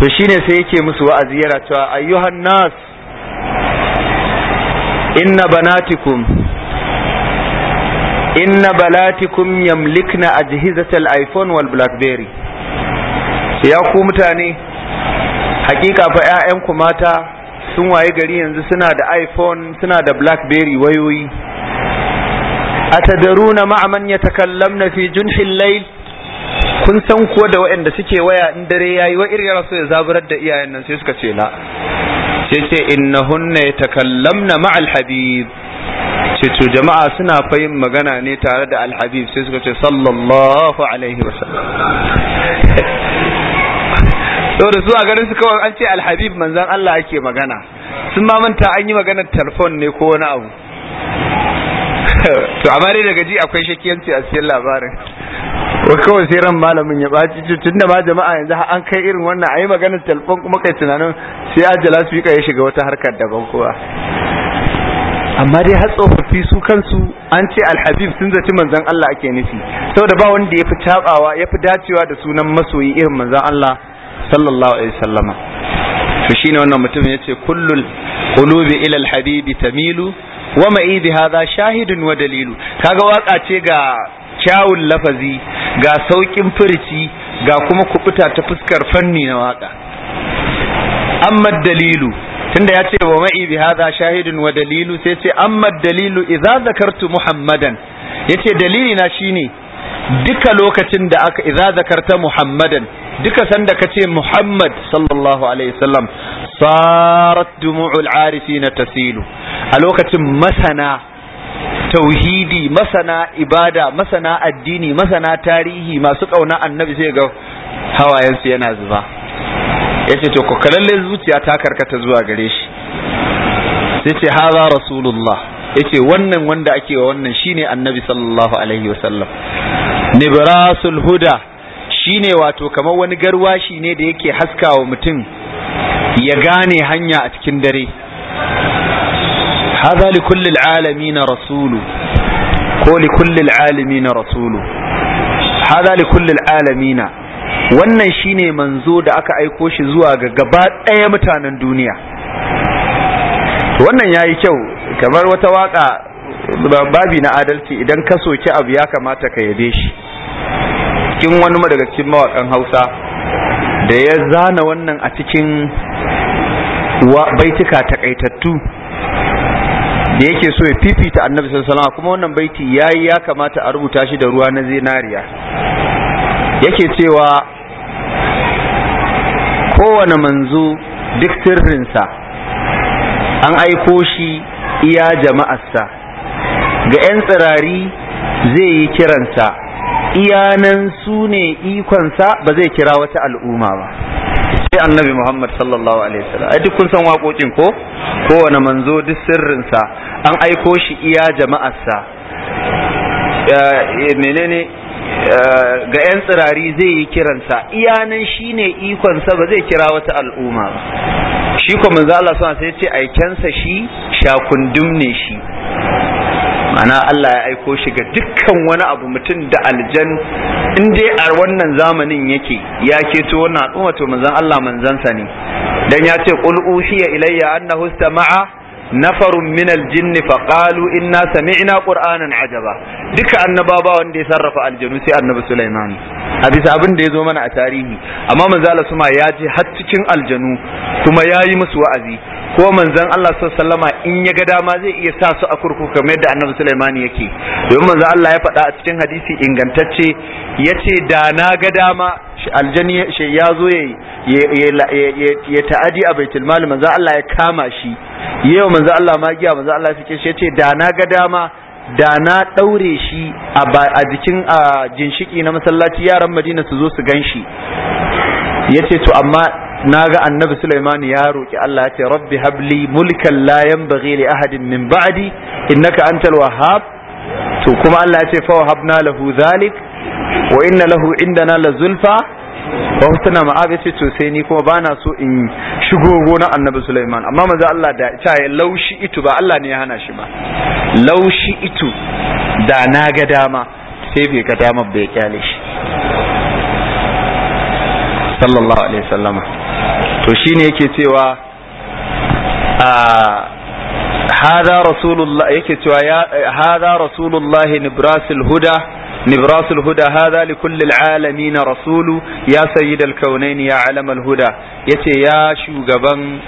to shine sai yake musu wa'azi yana cewa ayyuhan nas inna banatikum inna balatikum yamlikna ajhizatal iphone wal blackberry ya ku mutane hakika fa 'ya'yanku mata sun waye gari yanzu suna da iphone suna da blackberry wayoyi atadaruna ma'aman yatakallamna fi junhil layl kun san kuwa da waɗanda suke waya in dare yayi wa irin rasu ya zaburar da iyayen nan sai suka ce la sai ce innahunna yatakallamna ma'al habib ce to jama'a suna fayin magana ne tare da alhabib sai suka ce sallallahu alaihi wasallam saboda su a garin su kawai an ce alhabib manzan Allah ake magana sun ma manta an yi maganar telefon ne ko wani abu [laughs] to amma dai daga ji akwai shakiyanci a cikin labarin ko kawai sai ran malamin ya baci tun ma jama'a yanzu an kai irin wannan ayi maganar telefon kuma kai tunanin sai ajala su ya shiga wata harkar daban kowa amma dai har tsofaffi su kansu an ce alhabib sun zaci manzan Allah ake nufi saboda ba wanda ya fi tabawa ya fi dacewa da sunan masoyi irin manzan Allah sallallahu alaihi sallama to shine wannan mutum yace kullul qulubi ila alhabibi tamilu wa ma'i bi hadha shahidun wa dalilu kaga waka ce ga kyawun lafazi ga saukin furci ga kuma kubuta ta fuskar fanni na waka amma dalilu tunda ya ce wa ma'i bi hadha shahidun wa dalilu sai ce amma dalilu idza zakartu muhammadan yace dalili na shine duka lokacin da aka idza zakarta muhammadan duka sanda ka ce Muhammad sallallahu alaihi wasallam sarat dumu'ul arifina tasilu a lokacin masana tauhidi masana ibada masana addini masana tarihi masu ƙauna annabi sai ga hawayensu yana zuba yace to ko kalalle zuciya ta karkata zuwa gare shi sai ce haza rasulullah yace wannan wanda ake wa wannan shine annabi sallallahu alaihi wasallam nibrasul huda Shi ne wato kamar wani garwashi ne da yake haskawa mutum ya gane hanya a cikin dare haza li kulli na rasulu ko li kulli na rasulu haza li kulli na. wannan shi ne manzo da aka aiko shi zuwa ga gaba ɗaya mutanen duniya wannan ya yi kyau kamar wata waka babi na adalci idan ka soki abu ya kamata ka yabe shi cikin wani daga cikin mawakan hausa da ya zana wannan a cikin baitika takaitattu da yake so ya fifita annabi sallallahu alaihi kuma wannan baiti yayi ya kamata a rubuta shi da ruwa na zinariya yake cewa kowane manzo duk sirrinsa an aiko shi iya jama'arsa ga 'yan tsirari zai yi kiransa iyanan su ne ikonsa ba zai kira wata al'umma ba sai annabi Muhammad sallallahu alaihi wasallam ai duk kun san waƙoƙin ko kowane manzo duk sirrinsa an aiko shi iya jama'arsa eh, eh, menene eh, ga 'yan tsirari zai yi kiransa iyanan shi ne ikonsa ba zai kira wata al'umma ba shi kuma manzo Allah suna sai ce aikensa shi shakundum ne shi ana Allah ya aiko shi ga dukkan wani abu mutum da aljan in dai a wannan zamanin yake ya keto wannan al'umma to manzon Allah manzansa ne dan ya ce qul uhiya ilayya annahu istama'a nafarun minal jinni fa na sami ina qur'anan ajaba duka annababa wanda ya sarrafa aljanu sai annabi Sulaiman a bisa abin da ya zo mana a tarihi amma manzo ya je har cikin aljanu kuma yayi musu wa'azi ko manzon Allah sallallahu alaihi in ya ga dama zai iya sa su a kurkuku kamar yadda annabi Sulaiman yake domin manzo Allah ya faɗa a cikin hadisi ingantacce ya ce da na ga dama aljani shi ya zo ya ta'adi a baitul mal manzo Allah ya kama shi yau manzo Allah magiya manzo Allah fike shi yace da na ga dama da na daure shi a jikin jinshiki na masallaci yaran Madina su zo su gan shi yace to amma na ga annabi Sulaiman ya roki Allah ya ce rabbi habli mulkan la yanbaghi li ahadin min ba'di innaka antal wahhab to kuma Allah ya ce fa wahabna lahu zalik wa inna lahu indana la zulfa wa husna ma'ab yace to sai ni kuma bana so in shigo gona annabi Sulaiman amma manzo Allah da ita ya laushi itu ba Allah ne ya hana shi ba laushi itu da na ga dama sai bai ga dama bai kyale shi sallallahu alaihi wasallama to shine yake cewa a هذا رسول الله يكتوى هذا رسول الله نبراس الهدى نبراس الهدى هذا لكل العالمين رسول يا سيد الكونين يا علم الهدى يتي يا شوغبان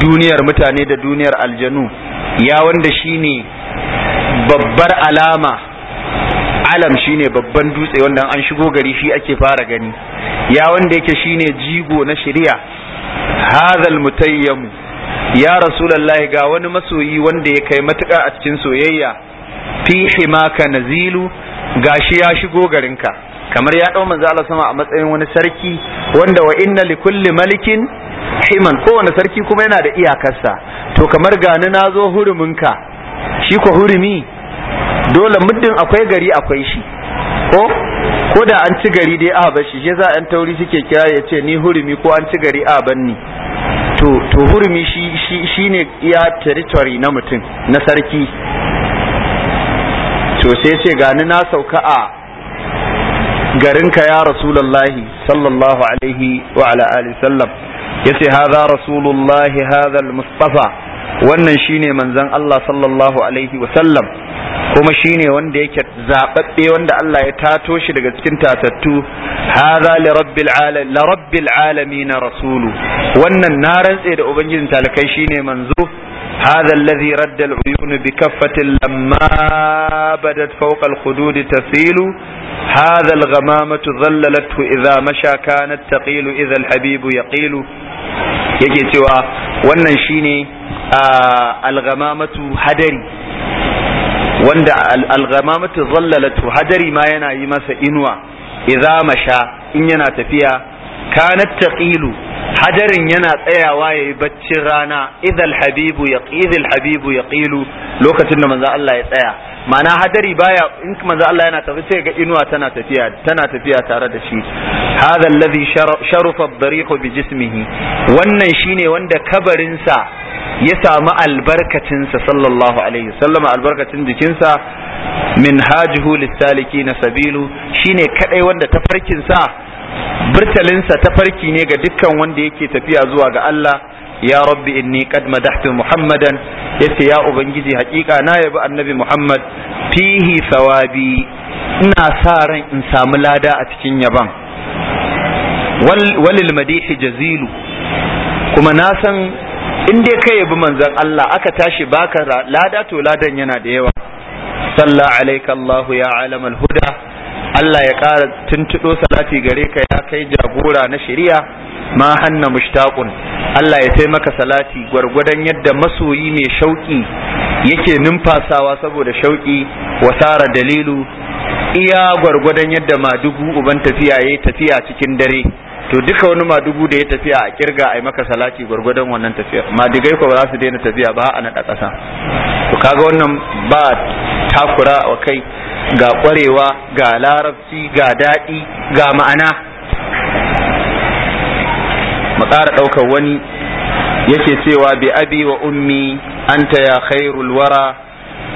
duniyar mutane da duniyar aljanu ya wanda shine babbar alama alam shine babban dutse wanda an shigo gari shi ake fara gani ya wanda yake shine jigo na shari'a hadhal mutayyamu ya rasulullahi ga wani masoyi wanda ya kai matuƙa a cikin soyayya fi himaka nazilu gashi ya shigo garinka kamar ya ɗau manzo Allah sama a matsayin wani sarki wanda wa inna li kulli malikin himan kowane sarki kuma yana da iyakarsa to kamar gani na zo huruminka shi ko hurumi dole muddin akwai gari akwai shi ko ko da an ci gari dai a bashi shi za an tauri suke kira ya ce ni hurumi ko an ci gari a banni to to hurumi shi shi shine iya territory na mutum na sarki to sai ce gani na sauka a garinka ya rasulullahi sallallahu alaihi wa ala alihi sallam yace hadha rasulullahi hadha almustafa mustafa wannan shine manzon Allah sallallahu alaihi wa sallam kuma shine wanda yake zababbe wanda Allah ya tato shi daga cikin tatattu hadha li rabbil alamin la rabbil alamin rasulu wannan na rantse da ubangijin talakai shine manzo هذا الذي رد العيون بكفة لما بدت فوق الخدود تسيل هذا الغمامة ظللته إذا مشى كانت تقيل إذا الحبيب يقيل يجي توا وننشيني آه الغمامة هدري وند الغمامة ظللته هدري ما ينا يمس إنوا إذا مشى إن ينا تفيها kanat taqilu hadarin yana tsayawa yayi baccin rana idhal habibu yaqidhil habibu lokacin da manzo Allah ya tsaya ma'ana hadari baya in manzo Allah yana tafi sai ga inuwa tana tafiya tare da shi hadha alladhi sharufa ad bi jismihi wannan shine wanda kabarinsa ya samu albarkacinsa sallallahu alaihi sallama albarkacin jikinsa min hajihu lissalikin sabilu shine kadai wanda tafarkinsa burtalinsa farki ne ga dukkan wanda yake tafiya zuwa ga Allah ya rabbi inni qad madahtu muhammadan yace ya ubangiji hakika na yabi annabi muhammad fihi sawabi ina sa ran in samu lada a cikin yaban walil madihi jazilu kuma na san in dai ka yabi manzon Allah aka tashi baka lada to ladan yana da yawa sallallahu alayka Allah ya alamal huda Allah ya ƙara tuntuɗo salati gare ka ya kai jagora na shari'a ma hanna mushtaqun Allah ya maka salati gwargwadon yadda masoyi mai shauƙi yake numfasawa saboda shauƙi tsara dalilu iya gwargwadon yadda madugu uban tafiya yayi tafiya cikin dare to duka wani madugu da ya tafiya a kirga a yi maka salati gwargwadon wannan tafiyar madigai ko ba za su daina tafiya ba a naɗa ƙasa to kaga wannan ba takura wa kai ga ƙwarewa ga larabci ga daɗi ga ma'ana mu ƙara ɗaukar wani yake cewa bi abi wa ummi anta ya khairul wara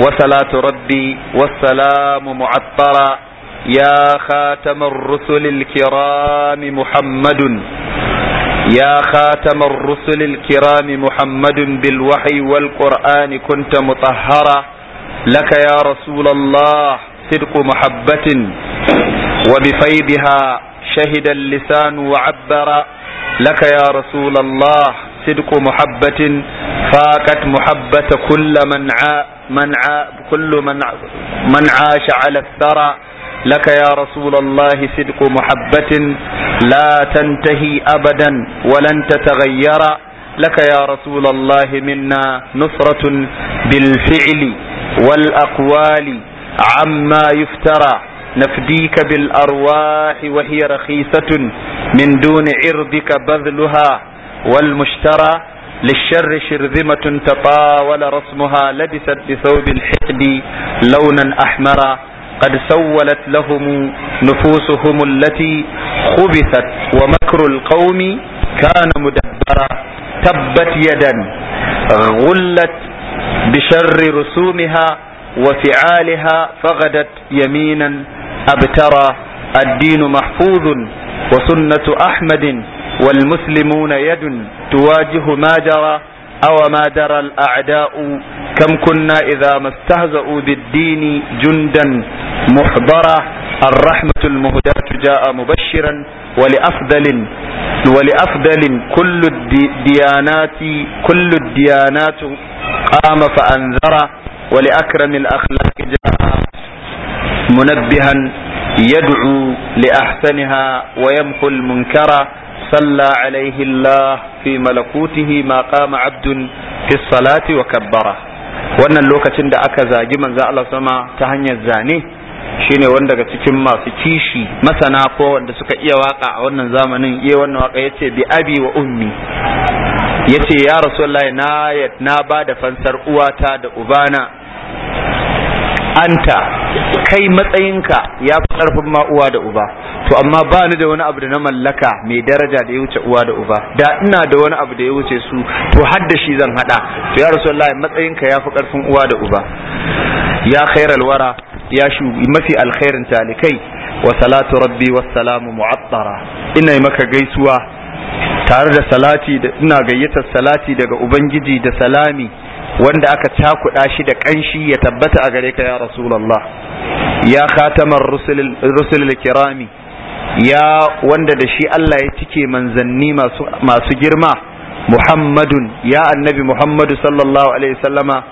wa salatu rabbi wa salamu mu'attara يا خاتم الرسل الكرام محمد يا خاتم الرسل الكرام محمد بالوحي والقرآن كنت مطهرا لك يا رسول الله صدق محبة وبفيضها شهد اللسان وعبر لك يا رسول الله صدق محبة فاقت محبة كل من عا من عا كل من من عاش على الثرى لك يا رسول الله صدق محبة لا تنتهي أبدا ولن تتغير لك يا رسول الله منا نصرة بالفعل والأقوال عما يفترى نفديك بالأرواح وهي رخيصة من دون عرضك بذلها والمشترى للشر شرذمة تطاول رسمها لبست بثوب الحقد لونا أحمرا قد سولت لهم نفوسهم التي خبثت ومكر القوم كان مدبرا تبت يدا غلت بشر رسومها وفعالها فغدت يمينا أبترى الدين محفوظ وسنة أحمد والمسلمون يد تواجه ما جرى أو ما درى الأعداء كم كنا إذا ما استهزأوا بالدين جندا محضرا الرحمة المهداة جاء مبشرا ولأفضل ولأفضل كل الديانات كل الديانات قام فأنذر ولأكرم الأخلاق جاء منبها يدعو لأحسنها ويمحو المنكر صلى عليه الله في ملكوته ما قام عبد في الصلاة وكبره wannan lokacin da aka zagi manzo Allah sama ta hanyar zane shine wanda daga cikin masu kishi masana ko wanda suka iya waka a wannan zamanin iya wannan waka yace bi abi wa ummi yace ya rasulullahi na na ba da fansar uwata da ubana anta kai matsayinka ya fi ƙarfin ma uwa da uba to amma ba ni da wani abu da na mallaka mai daraja da ya wuce uwa da uba da ina da wani abu da ya wuce su to har da shi zan hada to ya rasulullahi matsayinka ya fi ƙarfin uwa da uba ya khairal wara ya shu mafi alkhairin talikai wa salatu rabbi wa salamu mu'attara ina maka gaisuwa tare da salati da ina gayyatar salati daga ubangiji da salami wanda aka cakuɗa shi da ƙanshi ya tabbata a gare ka ya rasulallah ya khatamar rusul kirami ya wanda da shi Allah ya cike manzanni masu girma muhammadun ya annabi muhammadu sallallahu alaihi sallama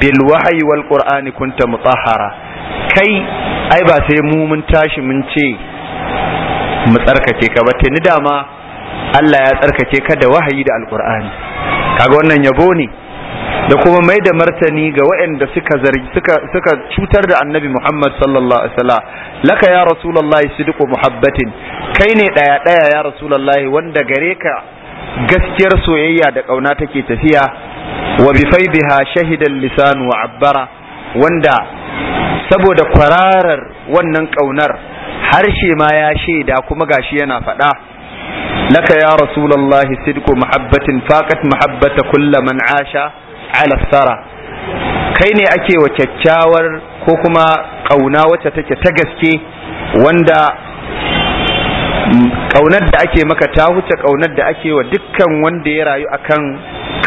bil wahayi wal qur'ani kunta mutahhara kai ai ba sai mu mun tashi mun ce mu tsarkake ka ba ni dama Allah ya tsarkake ka da wahayi da alqur'ani kaga wannan yabo ne da kuma mai da martani ga waɗanda suka zargi suka suka cutar da annabi Muhammad sallallahu alaihi wasallam laka ya rasulullahi sidqu muhabbatin kai ne daya daya ya rasulullahi wanda gare ka gaskiyar soyayya da kauna take tafiya wa bi faidha shahidan lisan wa abbara wanda saboda kwararar wannan kaunar harshe ma ya shaida kuma gashi yana faɗa laka ya rasulullahi sidqu muhabbatin faqat muhabbata kullu man asha ala sara kai ne ake wa kyakkyawar ko kuma ƙauna wacce take ta gaske wanda ƙaunar da ake maka ta huce ƙaunar da ake wa dukkan wanda ya rayu akan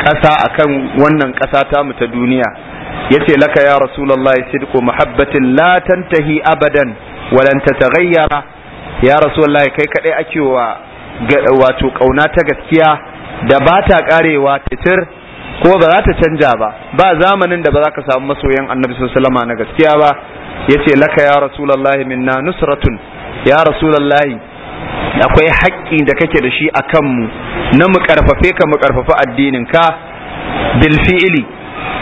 ƙasa akan wannan ƙasa ta mu ta duniya yace laka ya rasulullahi sidqu muhabbatin la tantahi abadan lan tataghayyara ya rasulullahi kai kadai ake wa wato ƙauna ta gaskiya da ba ta karewa titir ko ba za ta canja ba ba zamanin da ba za ka samu masoyan annabi sallallahu alaihi na gaskiya ba yace laka ya rasulullahi minna nusratun ya rasulullahi akwai haƙƙi da kake da shi a kanmu na mu karfafe ka mu karfafa addinin ka bil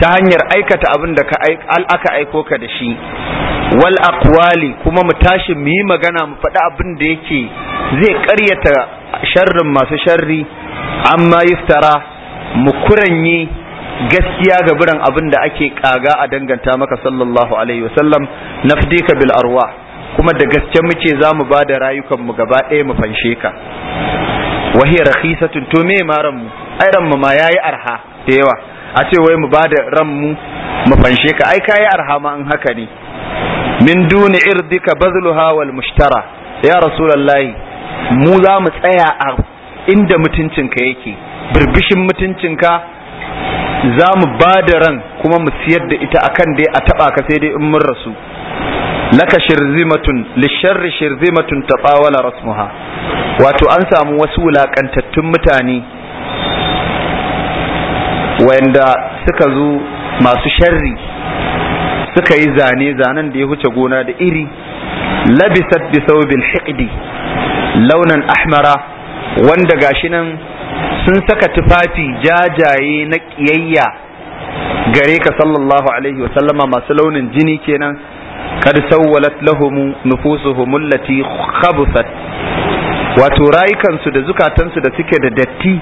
ta hanyar aikata abin da aka aiko ka da shi wal aqwali kuma mu tashi mu yi magana mu faɗi abin da yake zai ƙaryata sharrin masu sharri amma yiftara mu kuranye gaskiya ga biran abin da ake kaga a danganta maka sallallahu alaihi wasallam nafdika bil arwa kuma da gaske muke za mu ba da rayukanmu gaba ɗaya mu fanshe ka wahiya rakhisatun to me maran mu ai ran mu ma yayi arha da yawa a ce wai mu ba da ran mu fanshe ka ai kayi arha ma in haka ne min duni irdika bazluha wal mushtara ya rasulullahi mu za mu tsaya a inda mutuncinka yake birbishin mutuncinka za mu ba da ran kuma mu siyar da ita a kan dai a taɓa ka sai dai in mun rasu laka shirzimatun lisharri shirzimatun tsawala rasmuha wato an samu wasu wulakantattun mutane wanda suka zo masu sharri suka yi zane zanen da ya huce gona da iri labisat bi saubil hiqdi launan ahmara wanda gashi nan sun saka tufafi jajaye na ƙiyayya gare ka sallallahu alaihi wa sallama masu launin jini kenan kad sawwalat lahum nufusuhum allati khabuthat wato rayukansu da zukatansu da suke da datti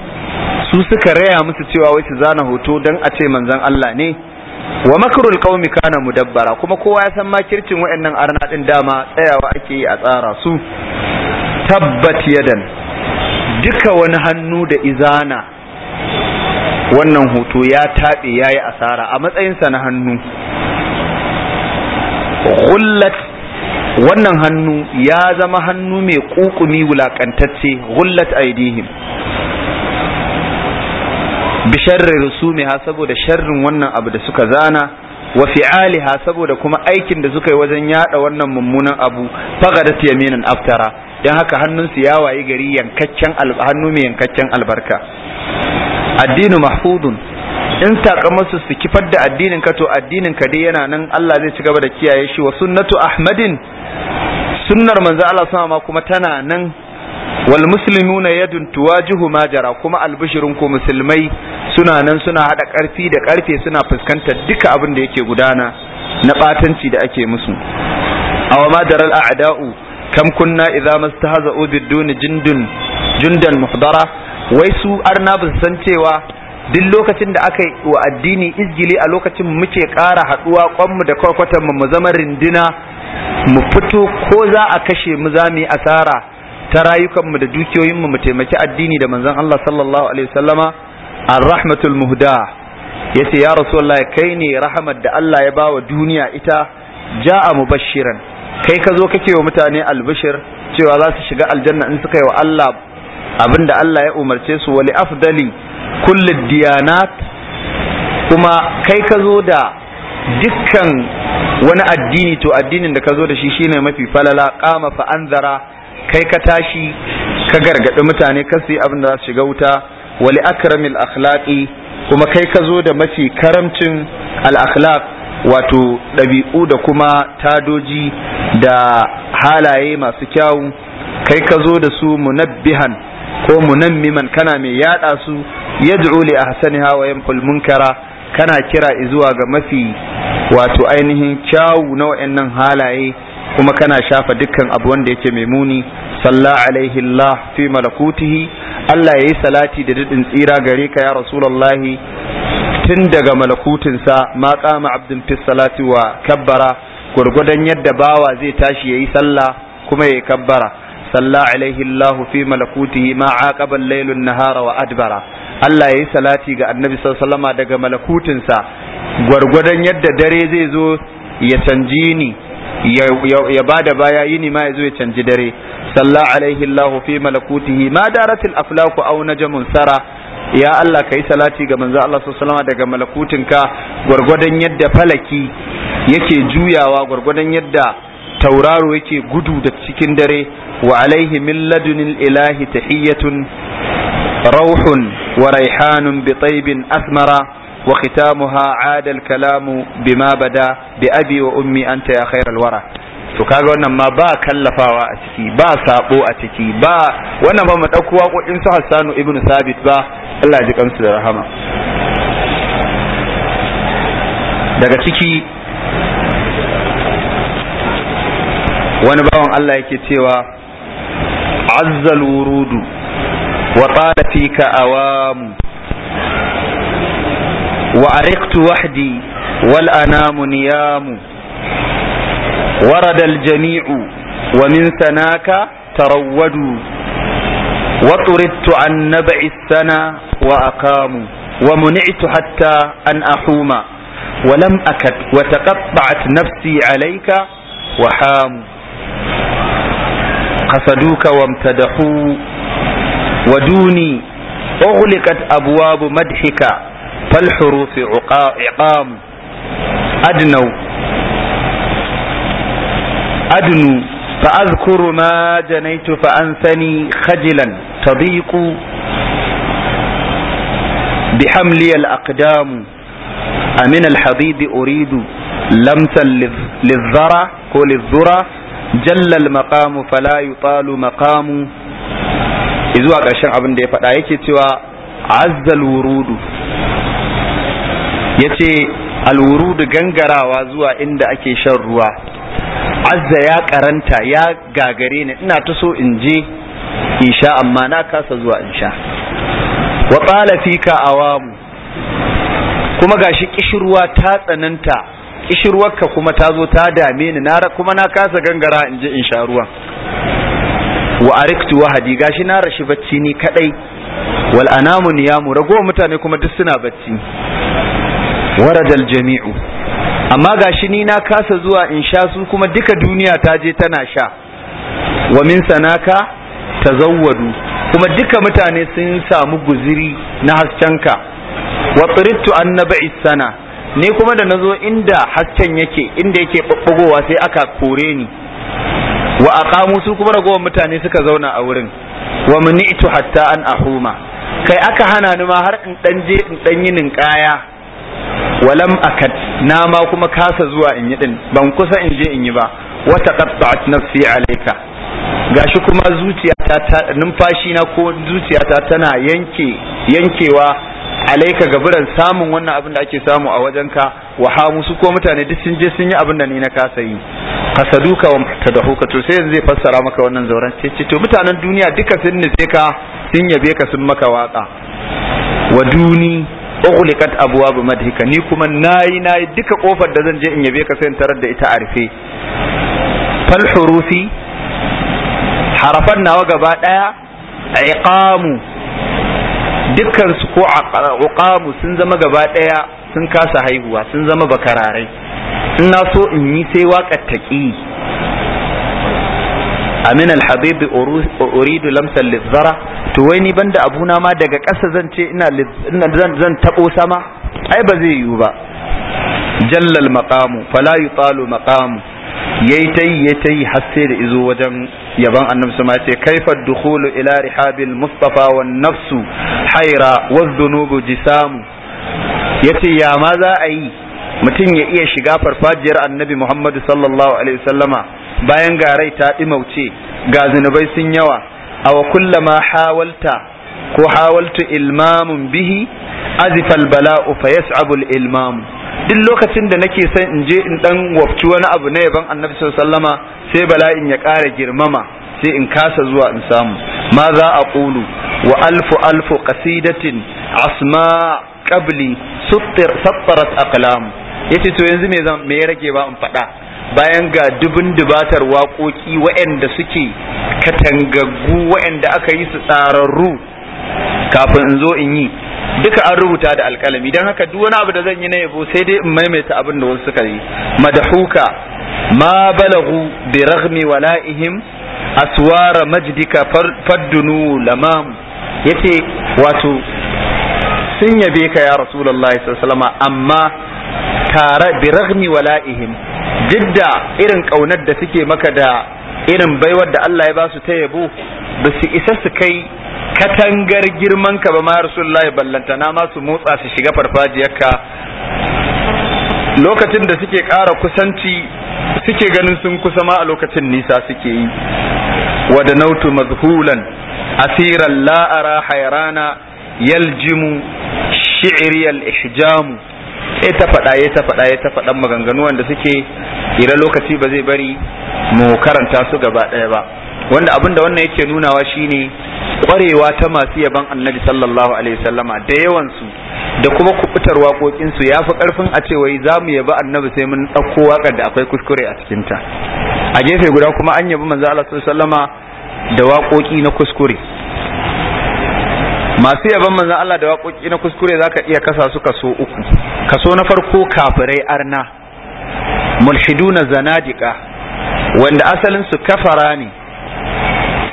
su suka raya musu cewa wai su zana hoto dan a ce manzon Allah ne wa makrul qaumi kana mudabbara kuma kowa ya san makircin wayannan arna din dama tsayawa ake yi a tsara su tabbat yadan duka wani hannu da izana wannan hoto ya taɓe ya yi asara a matsayinsa na hannu gullat wannan hannu ya zama hannu mai ƙuƙumi wulaƙantacce gullat aidihim rusumi ha saboda sharrin wannan abu da suka zana wa fi'aliha saboda kuma aikin da suka yi wajen yada wannan mummunan abu fagadat yaminan aftara don haka hannunsu ya wayi gari yankaccen hannu mai yankaccen albarka addinu mahfudun in takamarsu su kifar da addinin ka to addinin ka dai yana nan Allah zai ci gaba da kiyaye shi wa sunnatu ahmadin sunnar manzo Allah sama ma kuma tana nan wal muslimuna yadun tuwajihu majara kuma albishirun ku musulmai suna nan suna hada karfi da karfe suna fuskantar duka abin da yake gudana na batanci da ake musu aw ma daral a'da'u kam kunna ta haza bidun jindun jundan muhdara wai su arna ba san cewa duk lokacin da aka yi wa addini izgili a lokacin muke ƙara haɗuwa kwanmu da kwarkwatanmu mu zama rindina mu fito ko za a kashe mu za mu yi asara ta rayukanmu da dukiyoyinmu mu taimaki addini da manzon Allah sallallahu alaihi wasallama ar-rahmatul muhda yace ya rasulullah kai ne rahamar da Allah ya bawa duniya ita ja'a mubashiran kai ka zo kake wa mutane albishir cewa za su shiga aljanna in suka yi wa Allah abinda Allah ya umarce su wali afdali kulli diyanat kuma kai ka zo da dukkan wani addini to addinin da ka zo da shi shine mafi falala kama fa anzara kai ka tashi ka gargaɗi mutane ka su abin da za su shiga wuta wali akramil akhlaqi kuma kai ka zo da mafi karamcin al akhlaq wato ɗabi'u da kuma tadoji da halaye masu kyawu kai ka zo da su munabbihan ko munammiman kana mai yada su yad'u li ahsaniha wa yamhul munkara kana kira Izuwa ga mafi wato ainihin kyawu na wayannan halaye kuma kana shafa dukkan abu wanda yake mai muni salla alaihi Allah fi malakutihi Allah yayi salati da dadin tsira gare ka ya rasulullahi tun daga malakutinsa ma kama abdin fisalati wa kabbara gurgudan yadda bawa zai tashi yayi sallah kuma yayi kabbara salla alaihi Allah fi malakutihi ma aqaba laylun nahara wa adbara Allah yayi salati ga annabi sallallahu alaihi daga malakutinsa gurgudan yadda dare zai zo ya canji ni ya bada baya yini ma yazo ya canji dare salla alaihi Allah fi malakutihi ma daratil aflaku aw najmun sara ya Allah ka yi salati ga manzo Allah sallallahu alaihi daga malakutinka gwargwadon yadda falaki yake juyawa gwargwadon yadda tauraro yake gudu da cikin dare wa alaihi min ladunil ilahi tahiyyatun rauhun wa raihanun bi taibin asmara wa khitamuha adal kalamu bima bada bi abi wa ummi anta ya khairal wara to kaga wannan ma ba kallafawa a ciki ba sabo a ciki ba wannan ba mu dauko waƙoƙin su Hassanu ibnu Sabit ba Allah ya ji kansu da rahama daga ciki wani bawan Allah yake cewa azzal wurudu wa qala fika awam wa ariqtu wahdi wal anamu niyamu ورد الجميع ومن ثناك ترودوا وطردت عن نبع السنا وأقاموا ومنعت حتى أن أحوم ولم أكد وتقطعت نفسي عليك وحام قصدوك وامتدحوا ودوني أغلقت أبواب مدحك فالحروف عقام أدنوا أدنو فأذكر ما جنيت فأنثني خجلا تضيق بحملي الأقدام أمن الحضيض أريد لمسا للذرة هو للذرة جل المقام فلا يطال مقام izuwa ƙarshen abin da ya faɗa yake cewa azzal wurudu ya ce alwurudu gangarawa zuwa inda ake shan ruwa azza ya karanta ya gagare ni ina ta so in je in sha amma na kasa zuwa in sha wa qala fika awamu kuma gashi kishirwa ta tsananta kishirwarka kuma ta zo ta dame ni na kuma na kasa gangara in je in sha ruwa wa ariktu wahadi gashi na rashi bacci ni kadai wal anamu niyamu rago mutane kuma duk suna bacci waradal jami'u amma ga shi ni na kasa zuwa in sha su kuma duka duniya ta je tana sha wa min sanaka tazawwadu kuma duka mutane sun samu guziri na hasken ka. wa tsirittu annaba sana ni kuma da nazo inda hasken yake inda yake babbagowa sai aka kore ni wa aqamu su kuma ragowar mutane suka zauna a wurin wa muni'tu hatta an ahuma kai aka hana ni ma har in dan je in dan yi ninkaya walam akad na ma kuma kasa zuwa in yi din ban kusa in je in yi ba wata qatta'at nafsi alayka gashi kuma zuciyata ta numfashi na ko zuciyata tana yanke yankewa alaika gaburan samun wannan abin da ake samu a wajenka wa hamu su ko mutane duk sun je sun yi abin da ni na kasa yi kasaduka wa tadahuka to sai yanzu zai fassara maka wannan zauren ce to mutanen duniya duka sun nufe ka sun yabe ka sun maka waka wa duni ughliqat abwaab madhika ni kuma nayi nayi duka kofar da zan je in yabe ka sai in tarar da ita a rufe fal hurufi harafan nawa gaba daya iqamu dukkan su ko iqamu sun zama gaba daya sun kasa haihuwa sun zama bakararai in na so in yi sai waƙar taƙi amin alhabib uridu lamsal lizzara to wai ni banda abuna ma daga ƙasa zan ce ina zan zan tabo sama ai ba zai yiwu ba jallal maqamu fala yutalu maqamu yayi tayi yayi har sai da izo wajen yaban annabi sama ce kaifa dukhulu ila rihabil mustafa wan nafsu haira waz dunubu jisamu yace ya ma za a yi mutum ya iya shiga farfajiyar annabi Muhammadu sallallahu alaihi wasallama bayan ga rai ta ɗimauce ga zunubai sun yawa aw kullama hawalta ko hawaltu ilmamun bihi azifal bala'u fa yas'abu ilmamu duk lokacin da nake son in je in dan wafci wani abu na yaban annabi sallama sai bala'in ya ƙara girmama sai in kasa zuwa in samu ma za a ƙulu wa alfu alfu qasidatin asma qabli sattarat aqlam yace to yanzu me zan me rage ba in faɗa bayan ga dubin dubatar waƙoƙi waɗanda suke katangaggu waɗanda aka yi su tsararru kafin in zo in yi duka an rubuta da alƙalami don haka duk wani abu da zan yi na yabo sai dai in maimaita abin da wasu suka yi madahuka ma balagu bi raghmi wala'ihim aswara majdika faddunu lamam yace wato sun yabe ka ya rasulullahi sallallahu alaihi amma tare bi ragmi wala'ihim duk da irin ƙaunar da suke maka da irin baiwar da Allah ya ba su ta yabo ba su isa su kai katangar girman ka ba ma rasulullahi ballantana ma su motsa su shiga farfajiyarka lokacin da suke ƙara kusanci suke ganin sun kusa ma a lokacin nisa suke yi wada nautu mazhulan asiran la'ara hayrana yaljimu shi'riyal ihjamu E, ta faɗa ya eh, ta faɗa ya eh, ta faɗan maganganu wanda suke ira lokaci ba zai bari mu karanta su gaba ɗaya ba wanda abin da wannan yake nunawa shine kwarewa ta masu yaban annabi sallallahu alaihi sallama da yawan su da kuma kubutar waƙoƙin su yafi karfin a ce wai zamu yaba annabi sai mun ɗauko waƙar da akwai kuskure a cikin ta a gefe guda kuma an yabi manzo Allah sallallahu alaihi sallama da waƙoƙi na kuskure masu yaban manzan Allah da waƙoƙi na kuskure za ka iya kasa su kaso uku kaso na farko kafirai arna Mulhidu na zanadika wanda asalin su kafara ne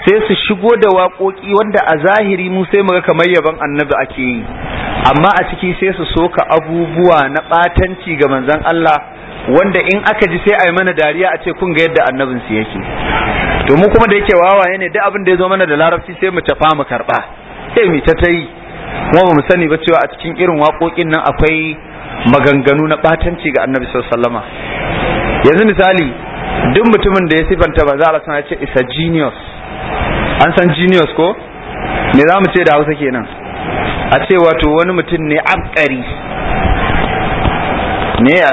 sai su shigo da waƙoƙi wanda a zahiri mu sai muga kamar yaban annabi ake yi amma a ciki sai su soka abubuwa na ɓatanci ga manzan Allah wanda in aka ji sai a yi mana dariya a ce kun ga yadda annabinsu yake to mu kuma da yake wawaye ne duk abin da ya zo mana da larabci sai mu tafa mu karɓa sai mai ta yi kuma ba mu sani ba cewa a cikin irin waƙoƙin nan akwai maganganu na ɓatanci ga annabi sallama yanzu misali duk mutumin da ya sifanta ba za a sana ce isa genius an san genius ko me za mu ce da hausa kenan a ce wato wani mutum ne abkari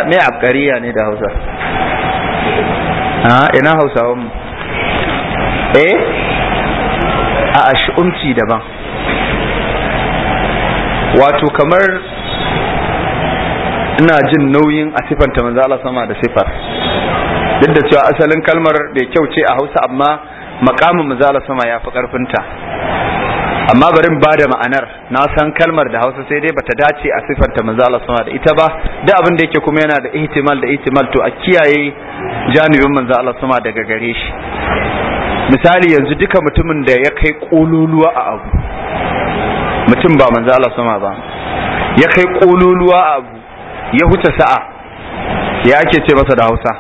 me abkariya ne da hausa a ah, ina hausawan mu eh a ash'umci daban wato kamar ina jin nauyin a sifanta manzo Allah sama da sifar duk da cewa asalin kalmar da kyau ce a Hausa amma makamin manzo Allah sama ya fi karfinta amma barin ba da ma'anar na san kalmar da hausa sai dai bata dace a siffanta manzo Allah sama da ita ba da abin da yake kuma yana da ihtimal da ihtimal to a kiyaye janibin manzo Allah sama daga gare shi misali yanzu duka mutumin da ya kai ƙululuwa a abu mutum ba manzo Allah sama ba ya kai kululuwa a abu ya huce sa'a ya ake ce masa da Hausa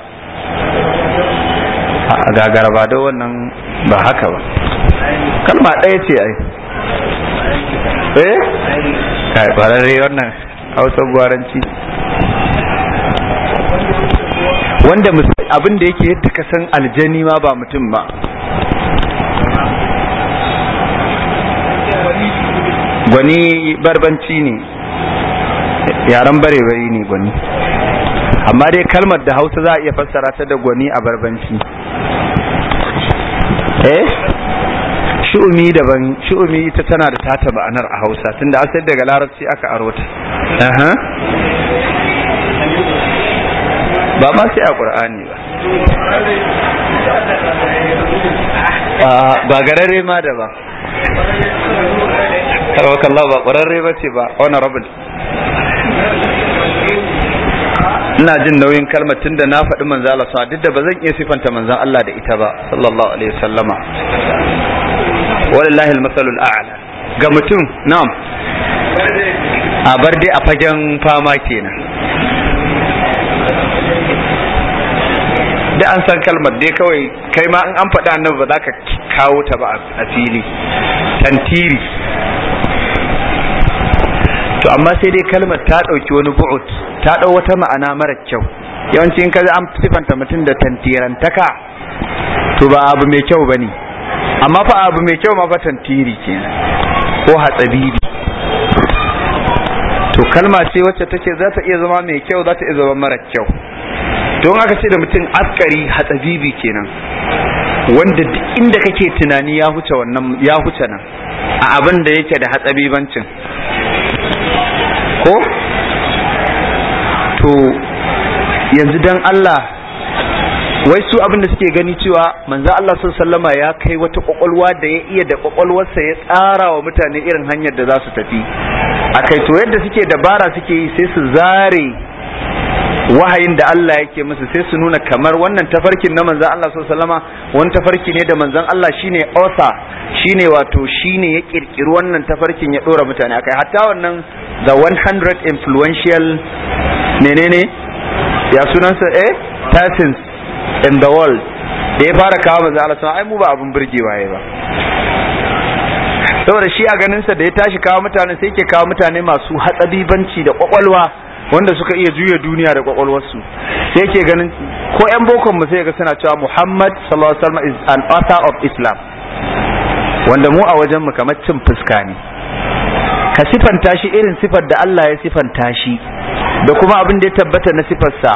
a ga ba da wannan ba haka ba kalma ɗaya ce ai eh kai kwararre wannan Hausa gwaranci wanda abin da yake yadda kasan aljani ma ba mutum ba gwani barbanci ne yaren barebari ne gwani amma dai kalmar da hausa za a iya fassara ta da gwani a barbanci eh shi'umi daban shi'umi ita tana da tata ba'anar a hausa tun da asir daga larabci aka arota. ba ma sai a ƙur'ani ba ba gararre ma da ba akarwakan ba ƙwararre ba ce ba honorable ina jin nauyin kalmar tunda na faɗi manzo Allah sa duk da ba zan iya sifanta manzan Allah da ita ba sallallahu alaihi wasallama wallahi al al a'la ga mutum na'am a bar dai a fagen fama kenan da an san kalmar dai kawai kai ma an faɗa nan ba za ka kawo ta ba a fili tantiri to amma sai dai kalmar ta ɗauki wani bu'ut ta ɗau wata ma'ana mara kyau yawanci in kaji an sifanta mutum da tantirantaka to ba abu mai kyau bane amma fa abu mai kyau ma fa tantiri kenan ko hatsabibi to kalma ce wacce take za ta iya zama mai kyau za ta iya zama mara kyau don aka ce da mutum askari hatsabibi kenan wanda duk inda kake tunani ya huce wannan ya huce nan a abin da yake da hatsabibancin to yanzu dan Allah wai su abin da suke gani cewa manzo Allah sallama ya kai wata kwakwalwa da ya iya da kwakwalwarsa ya tsara wa mutane irin hanyar da za su tafi akai to yadda suke dabara suke yi sai su zare wahayin da Allah yake musu sai su nuna kamar wannan tafarkin na manzan Allah sallallahu alaihi wani tafarki ne da manzan Allah shine osa shine wato shine ya kirkiri wannan tafarkin ya dora mutane akai hatta wannan the 100 influential menene ya sunansa eh persons in the world da ya fara kawo manzan Allah sau ai mu ba abun birge waye ba saboda shi a ganinsa da ya tashi kawo mutane sai ke kawo mutane masu hatsabibanci da kwakwalwa wanda suka iya juya duniya da kwakwalwarsu sai ke ganin ko yan bokon mu sai ga suna cewa Muhammad sallallahu alaihi is an author of Islam wanda mu a wajen mu kamar cin fuska ne ka sifanta shi irin sifar da Allah ya sifanta shi da kuma abin da ya tabbata na sifarsa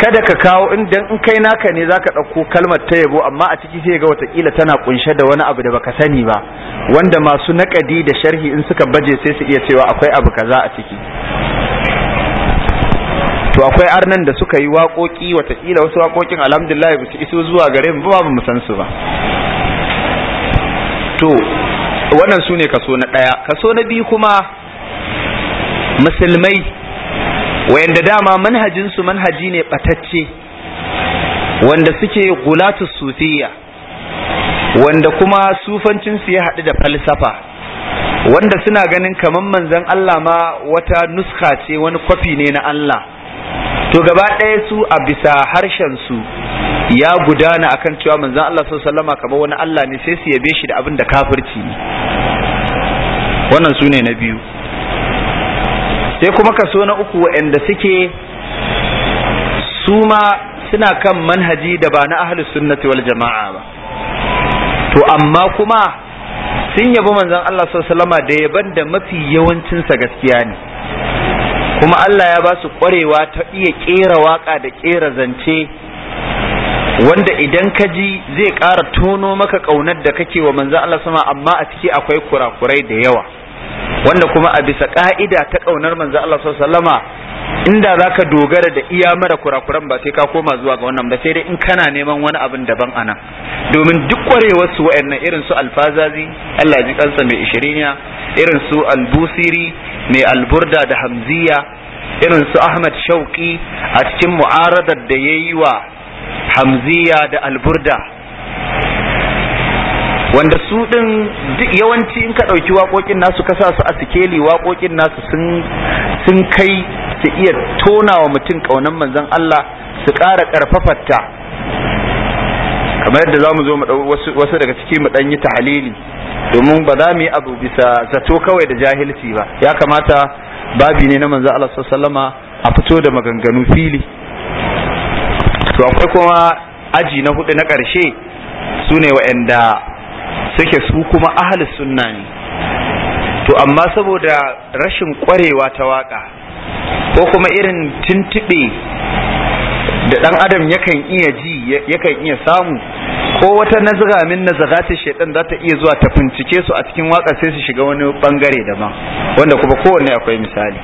kada ka kawo indan in kai naka ne zaka ɗauko kalmar ta yabo amma a ciki sai ga watakila tana kunshe da wani abu da baka sani ba wanda masu naƙadi da sharhi in suka baje sai su iya cewa akwai abu kaza a ciki to akwai arnan da suka yi waƙoƙi watakila wasu waƙoƙin alhamdulillah ba su iso zuwa gare mu ba mu san su ba to wannan su ne kaso na ɗaya kaso na biyu kuma musulmai wayanda dama manhajinsu manhaji ne batacce wanda suke gulatu sufiya wanda kuma sufancinsu ya haɗu da falsafa wanda suna ganin kamar manzon Allah ma wata nuska ce wani kwafi ne na Allah to gaba ɗaya su a bisa harshen su ya gudana akan cewa manzon Allah sallallahu kamar wani Allah ne sai su yabe shi da abin da kafirci ne wannan su ne na biyu sai kuma kaso na uku waɗanda suke su ma suna kan manhaji da ba na ahlus sunnati wal jama'a ba to amma kuma sun yabi manzon Allah sallallahu alaihi da yaban da mafi yawancinsa gaskiya ne kuma Allah ya ba su ƙwarewa ta iya ƙera waƙa da ƙera zance wanda idan ka ji zai ƙara tono maka ƙaunar da kake wa manzan Allah sama amma a ciki akwai kurakurai da yawa wanda kuma a bisa ƙa'ida ta ƙaunar manzan Allah sallama inda za ka dogara da iya mara kurakuran ba sai ka koma zuwa ga wannan ba sai dai in kana neman wani abin daban a nan domin duk kwarewar su wa'annan irin su alfazazi Allah ji kansa mai ishiriniya irin su albusiri mai alburda da hamziya irin su Ahmad Shauki a cikin mu'aradar da yayi wa hamziya da alburda wanda su din yawanci in ka ɗauki waƙoƙin nasu ka sa su a sikeli waƙoƙin nasu sun kai su iya tona wa mutum ƙaunar manzon Allah su ƙara ƙarfafarta kamar yadda za mu zo wasu daga ciki mu ɗan yi tahalili domin ba za mu yi abu bisa zato kawai da jahilci ba ya kamata babi ne na manzon Allah sallama a fito da maganganu fili to akwai kuma aji na hudu na ƙarshe su ne wa'anda suke su kuma ahalus sunna ne to amma saboda rashin kwarewa ta waka ko kuma irin tintibe da ɗan adam yakan iya ji yakan iya samu ko wata nazira min nazaratin shaitan za ta iya zuwa ta fincike su a cikin waka sai su shiga wani bangare daban wanda kuma kowanne akwai misali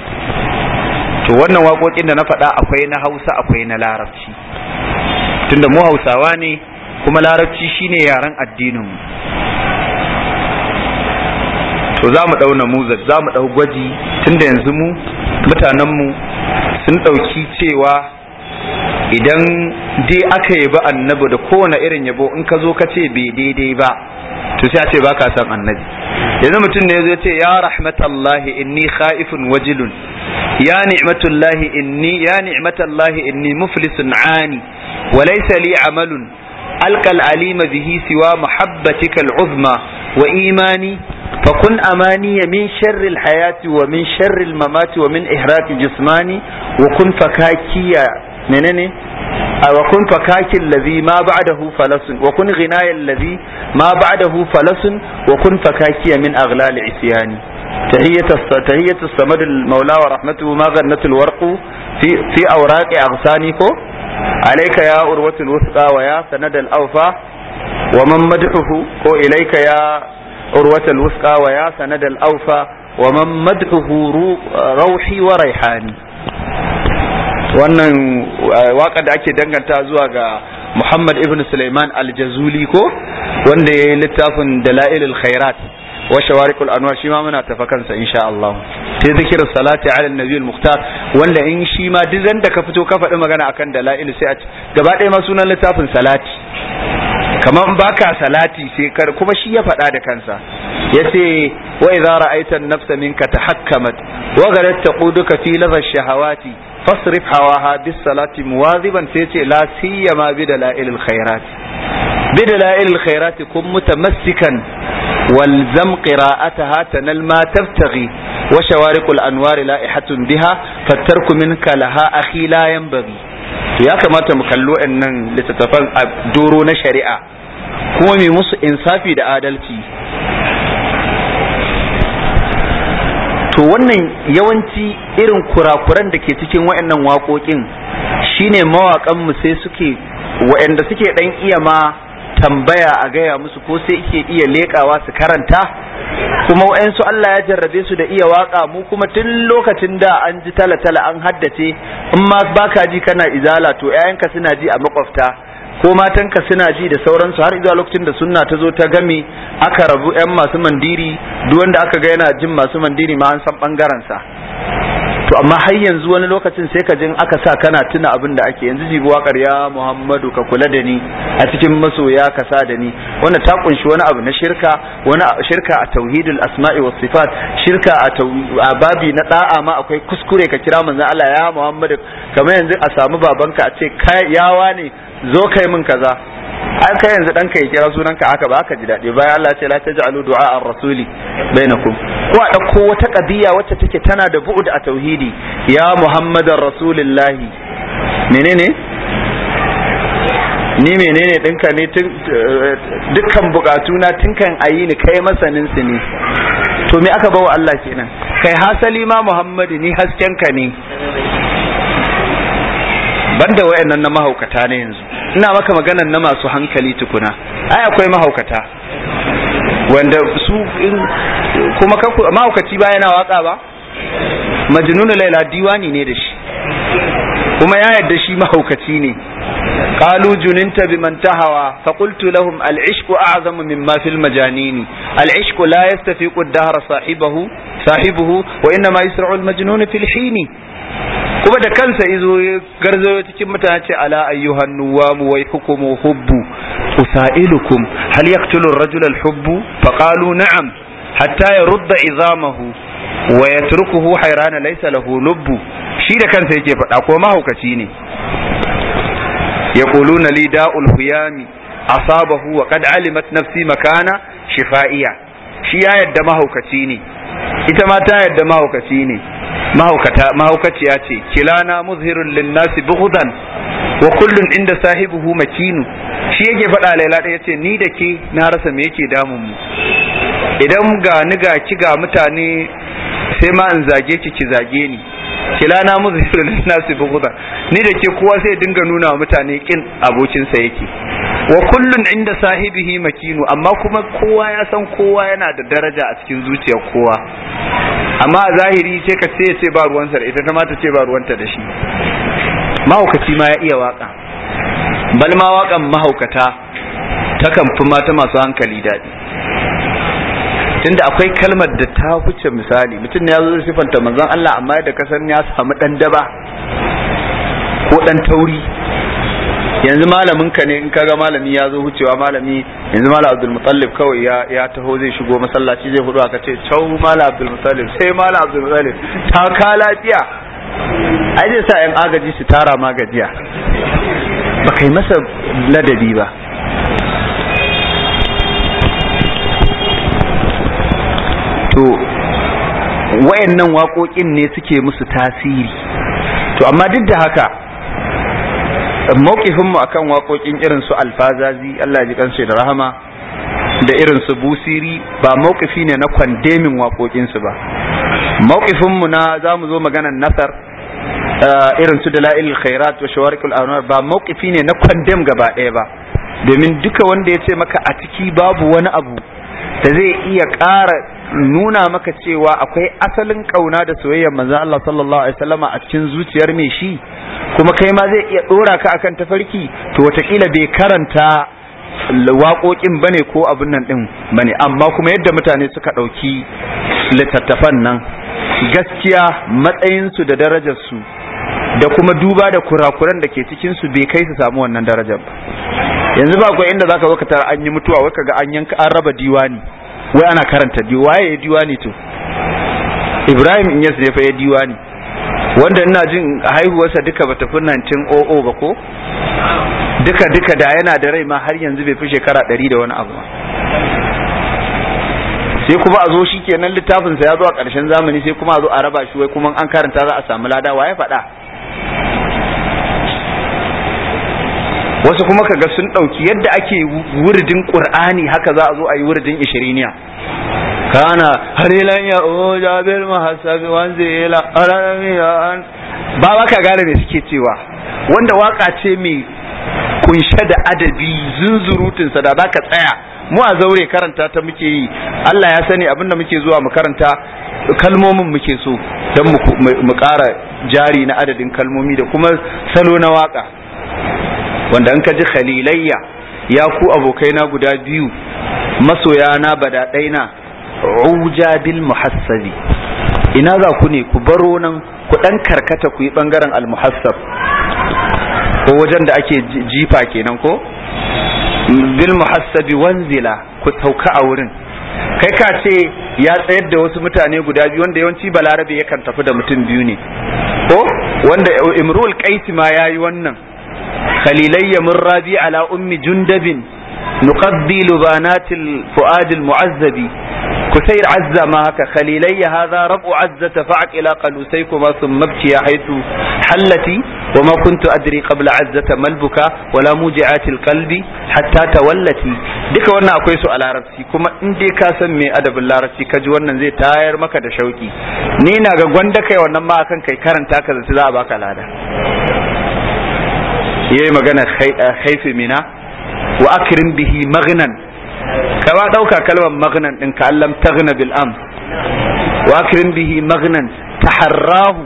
to wannan waƙoƙin da na faɗa akwai na hausa akwai na larabci tunda mu hausawa ne kuma larabci shine yaren addininmu to za mu ɗau namuza za mu ɗau gwaji tunda yanzu mu mutanenmu sun ɗauki cewa idan dai aka yabi annabi da kowane irin yabo in ka zo ka ce bai daidai ba to sai a ce baka san annabi yanzu mutum ne zai ce ya rahmatallahi inni khaifun wajilun ya ni'matullahi inni ya ni'matallahi inni muflisun ani wa laysa li amalun alkal alima bihi siwa mahabbatika al'uzma wa imani فكن أماني من شر الحياة ومن شر الممات ومن إحراق جسماني وكن فكاكي منني أه، وكن فكاك الذي ما بعده فلس وكن غناي الذي ما بعده فلس وكن فكاكي من أغلال عصياني تهية تهية الصمد المولى ورحمته ما غنت الورق في في أوراق أغصانك عليك يا أروة الوثقى ويا سند الأوفى ومن مدحه وإليك يا urwatal الوثقى ويا سند sanadal ومن wa روحي وريحاني wannan eh, waka da ake danganta zuwa ga Muhammad ibn Sulaiman al-Jazuli ko wanda yayi yi littafin Dala'ilul Khairat wa Shawariqul Anwar shi ma muna tafa kansa insha Allah sai zikir salati ala nabi al-mukhtar wanda in shi ma duk da ka fito ka faɗi magana akan dala'il sai a gaba ɗaya ma sunan littafin salati kamar baka salati sai kar kuma shi ya faɗa da kansa yace wa idza ra'aita an-nafsa minka tahakkamat wa gharat taquduka fi lafash shahawati fasrif hawaha bis salati muwaziban sai yace la siyama bi dalailil khairat bi dalailil khairat kun mutamassikan والزم قراءتها تنل ما تبتغي وشوارق الأنوار لائحة بها فالترك منك لها أخي لا ينبغي ya kamata mu kallo nan littattafan a doro na shari'a kuma mai musu insafi da adalci to wannan yawanci irin kurakuran da ke cikin wa'annan waƙoƙin shine mawaƙan mu sai suke wa'anda suke ɗan iya ma tambaya a gaya musu ko sai ke iya lekawa su karanta kuma wa'yansu Allah ya jarrabe su da iya waka mu kuma tun lokacin da an ji talatala an haddace in ma baka ji kana izala to 'ya'yanka suna ji a makwafta ko matanka suna ji da sauransu har zuwa lokacin da sunna ta zo ta gami aka rabu 'yan masu mandiri duk wanda aka ga yana jin masu mandiri ma an san bangaren sa to amma har yanzu wani lokacin sai ka jin aka sa kana tuna abin da ake yanzu jibi wakar ya Muhammadu ka kula da ni a cikin masoya ka sa da ni wanda ta kunshi wani abu na shirka wani shirka a tauhidul asma'i was sifat shirka a babi na da'a ma akwai kuskure ka kira manzon Allah ya Muhammadu kamar yanzu a samu babanka a ce kai yawa ne zo kai mun kaza ai kai yanzu dan ka kira sunan ka haka ba ka ji dadi bayan Allah ce la taj'alu du'a ar-rasuli bainakum ko a dauko wata qadiya wacce take tana da bu'ud a tauhidi ya muhammadar rasulillahi menene ni menene dinka ne eh, dukkan bukatu na tinkan ayi ni kai masanin su ne to me aka bawa Allah kenan kai hasali ma Muhammadu ni hasken ka ne banda wayannan na mahaukata ne yanzu ina maka maganan na masu hankali tukuna ai akwai mahaukata wanda su kuma mahaukaci ba yana waka ba majnunu laila diwani ne da shi kuma ya yarda shi mahaukaci ne قالوا جننت بمن تهوى فقلت لهم العشق أعظم مما في المجانين العشق لا يستفيق الدهر صاحبه صاحبه وإنما يسرع المجنون في الحين kuma da kansa izo ya garzayo cikin mutane ce ala ayyuhan nuwamu wai hukumu hubbu usailukum hal yaqtulu ar-rajul al-hubbu fa qalu na'am hatta yarudda izamahu wa yatrukuhu hayrana laysa lahu lubbu shi da kansa yake faɗa ko mahaukaci ne yaquluna li da'ul huyami asabahu wa qad alimat nafsi makana shifa'iya shi ya yadda mahaukaci ne ita ma ta yadda mahaukaci ne mahaukaciya ce kilana muzhirun linnasi bughdan wa kullum inda sahibu sahibihu makinu shi yake faɗa laila ɗaya ce ni da ke na rasa me yake damun mu idan ga ni ga ki ga mutane sai ma in zage ki ki zage ni na kilana na su fi bughdan ni da ke kowa sai dinga nuna mutane kin abokinsa sa yake wa kullun inda sahibihi makinu amma kuma kowa ya san kowa yana da daraja a cikin zuciyar kowa amma a zahiri sai ka ce ce ba ruwansa da ita ta ma ta ce ba ruwanta da shi mahaukaci ma ya iya waka bal ma wakan mahaukata takan fi mata masu hankali daɗi tunda akwai kalmar da ta huce misali mutum ne ya zo sifanta manzon Allah amma da kasan ya samu dan daba ko dan tauri yanzu malamin ka ne in kaga malami ya zo hucewa malami yanzu malam Abdul Muttalib kawai ya ya taho zai shigo masallaci zai hudu aka ce cau malam Abdul Muttalib sai malam Abdul Muttalib ta ka lafiya ai sa yan agaji su tara magajiya baka yi masa ladabi ba to wayannan waƙoƙin ne suke musu tasiri to amma duk da haka mu akan waƙoƙin irin su alfazazi Allah ji kansu da rahama da irin su busiri ba mawqifi ne na kwandemin su ba mu na za zo maganar nasar eh, irin su dalailul khairat wa shawarikul anwar ba mawqifi ne na kwandem gaba ɗaya ba domin duka wanda ya ce maka a ciki babu wani abu da zai iya ƙara nuna maka cewa akwai asalin kauna da soyayyar manzo Allah sallallahu alaihi wasallama a cikin zuciyar mai shi kuma kai ma zai iya dora ka akan tafarki to watakila bai karanta waƙoƙin bane ko abin nan din bane amma kuma yadda mutane suka ɗauki littattafan nan gaskiya matsayinsu da darajarsu da kuma duba da kurakuran da ke cikinsu bai kai su samu wannan darajar ba yanzu ba akwai inda zaka zo ka tara an yi mutuwa wai kaga an yanka an raba diwani wai ana karanta diwa waye ya diwa ne to ibrahim in ya fa ya diwa ne wanda ina jin haihuwarsa duka bata fi OO oh oh ba ko duka duka da yana da rai ma har yanzu bai fi shekara ɗari da wani abu ba sai kuma a zo shi kenan littafinsa ya zo a ƙarshen zamani sai kuma a zo a raba shi wai kuma an karanta za a samu lada wa ya faɗa wasu kuma kaga sun ɗauki yadda ake wurdin ƙur'ani haka za a zo a yi wuridin ishiriniya kana harilan ya o jabir wanzu ila an ba ka gane me suke cewa wanda waka ce mai kunshe da adabi sa da za ka tsaya mu a zaure karanta ta muke yi Allah ya sani abinda muke zuwa mu karanta kalmomin muke so don mu ƙara jari na adadin kalmomi da kuma salo na waka wanda in ka ji khalilayya ya ku abokaina guda biyu masoyana badaɗaina uja bil muhassabi ina za ku ne ku baro nan ku ɗan karkata ku yi ɓangaren almuhassab ko wajen da ake jifa kenan ko bil muhassabi wanzila ku sauka a wurin kai ka ce ya tsayar da wasu mutane guda biyu wanda yawanci balarabe yakan tafi da mutum biyu ne ko wanda imrul kaiti ma yayi wannan khalilayya mun rabi ala ummi jundabin nuqaddi lubanatil fuadil mu'azzabi كسير عزة ما هكا خليلي هذا رب عزة فعك إلى قلوسيكما ثم ابكي حيث حلتي وما كنت أدري قبل عزة ما البكاء ولا موجعات القلب حتى تولتي ديك وانا أكويس على ربسي كما اندي كاسم مي أدب الله ربسي كجوانا زي تاير مكا دشوكي نينا غواندك وانا ما أكن كي كارن تاكذا تذابك على هذا yi magana eh, haifi mina wa akrim bihi magnan ka ba dauka kalmar magnan din ka allam tagna bil am wa akrim bihi magnan taharrahu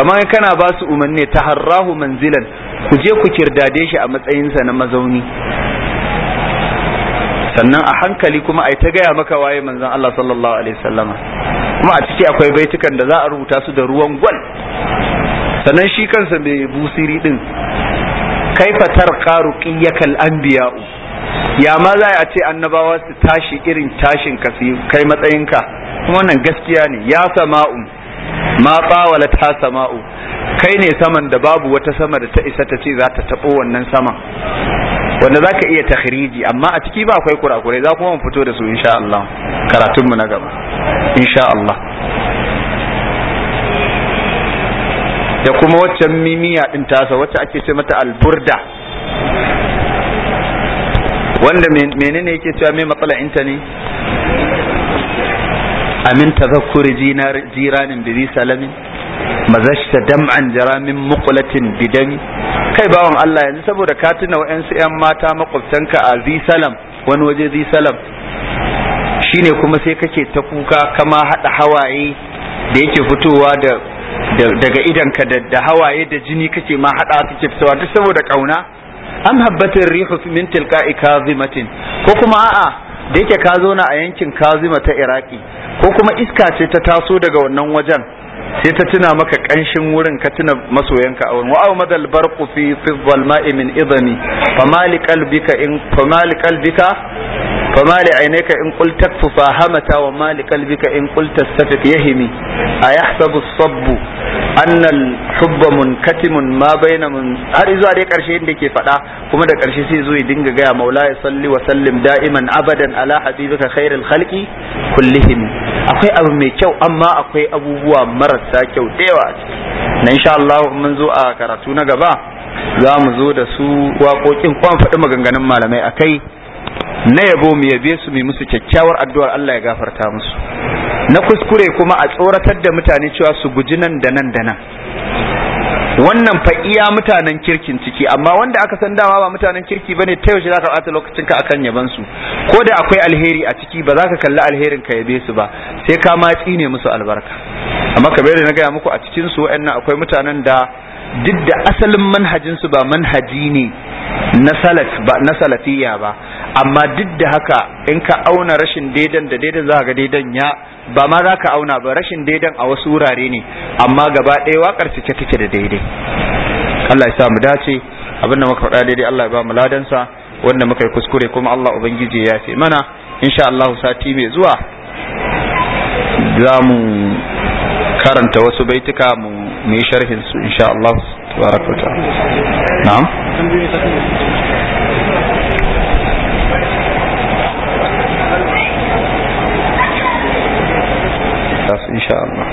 kamar kana ba su umarni harrahu manzilan ku je ku kirdade shi a matsayinsa na mazauni sannan a hankali kuma ai ta gaya maka waye manzon Allah sallallahu alaihi wasallama kuma a ciki akwai baitukan da za a rubuta su da ruwan gwal sannan shi kansa mai busiri din kaifa tarqa ruqiyyaka anbiya anbiyau ya ma za a ce annabawa su tashi irin tashin ka su kai matsayinka kuma wannan gaskiya ne ya sama'u ma tsawala ta sama'u kai ne saman da babu wata sama da ta isa ta ce za ta tabo wannan sama wanda za ka iya takhriji amma a ciki ba akwai kurakurai za kuma mu fito da su insha Allah karatun na gaba insha Allah da kuma waccan mimiya din tasa wacce ake ce mata alburda wanda menene yake cewa mai matsala inta ne amin tazakkuri jiranin bizi salamin mazashta dam'an jaramin muqlatin bidami kai bawan Allah yanzu saboda ka tuna wa'ansu 'yan mata makwabtanka a zi salam wani waje zi salam shine kuma sai kake ta kuka kama hada hawaye da yake fitowa da daga idanka da hawaye da jini kake ma hada kake fitowa duk saboda kauna am habbatir rihu min tilka ikazimatin ko kuma a'a da yake ka zauna a yankin kazima ta iraki ko kuma iska ce ta taso daga wannan wajen sai ta tuna maka kanshin wurin ka tuna masoyanka a wurin wa'aw madal barqu fi fi zalma'i min fa mali qalbika in famali qalbika فما لعينيك إن قلت تكف فاهمتا in لقلبك إن قلت استفق يهمي أيحسب الصب أن الحب منكتم ما بين من har zuwa dai karshe inda ke faɗa kuma da karshe sai zo ya dinga gaya maula ya salli wa sallim da'iman abadan ala habibika khairul khalqi kullihim akwai abu mai kyau amma akwai abubuwa marasa kyau da yawa na insha Allah mun zo a karatu na gaba za mu zo da su waƙoƙin kwan faɗi maganganun malamai akai na yabo mu yabe su mu musu kyakkyawar addu'ar Allah ya gafarta musu na kuskure kuma a tsoratar da mutane cewa su guji nan da nan da nan wannan fa iya mutanen kirkin ciki amma wanda aka san dawa ba mutanen kirki bane ta yaushe zaka bata lokacin ka akan yaban su ko da akwai alheri a ciki ba za ka kalli alherin ka yabe su ba sai ka ma tsine musu albarka amma bai da na gaya muku a cikin su wa'annan akwai mutanen da duk da asalin manhajinsu ba manhaji ne na salafiya ba amma duk da haka in ka auna rashin daidan da daidan za ga daidan ya ba ma za ka auna ba rashin daidan a wasu wurare ne amma gaba ɗaya waƙar cike take da daidai Allah ya sa mu dace abinda muka faɗa daidai Allah ya ba mu ladansa wanda muka yi kuskure kuma Allah ubangiji ya fi mana insha Allah sati mai zuwa za mu karanta wasu baituka mu mu yi sharhin su insha Allah tabaraka ta na'am insha Allah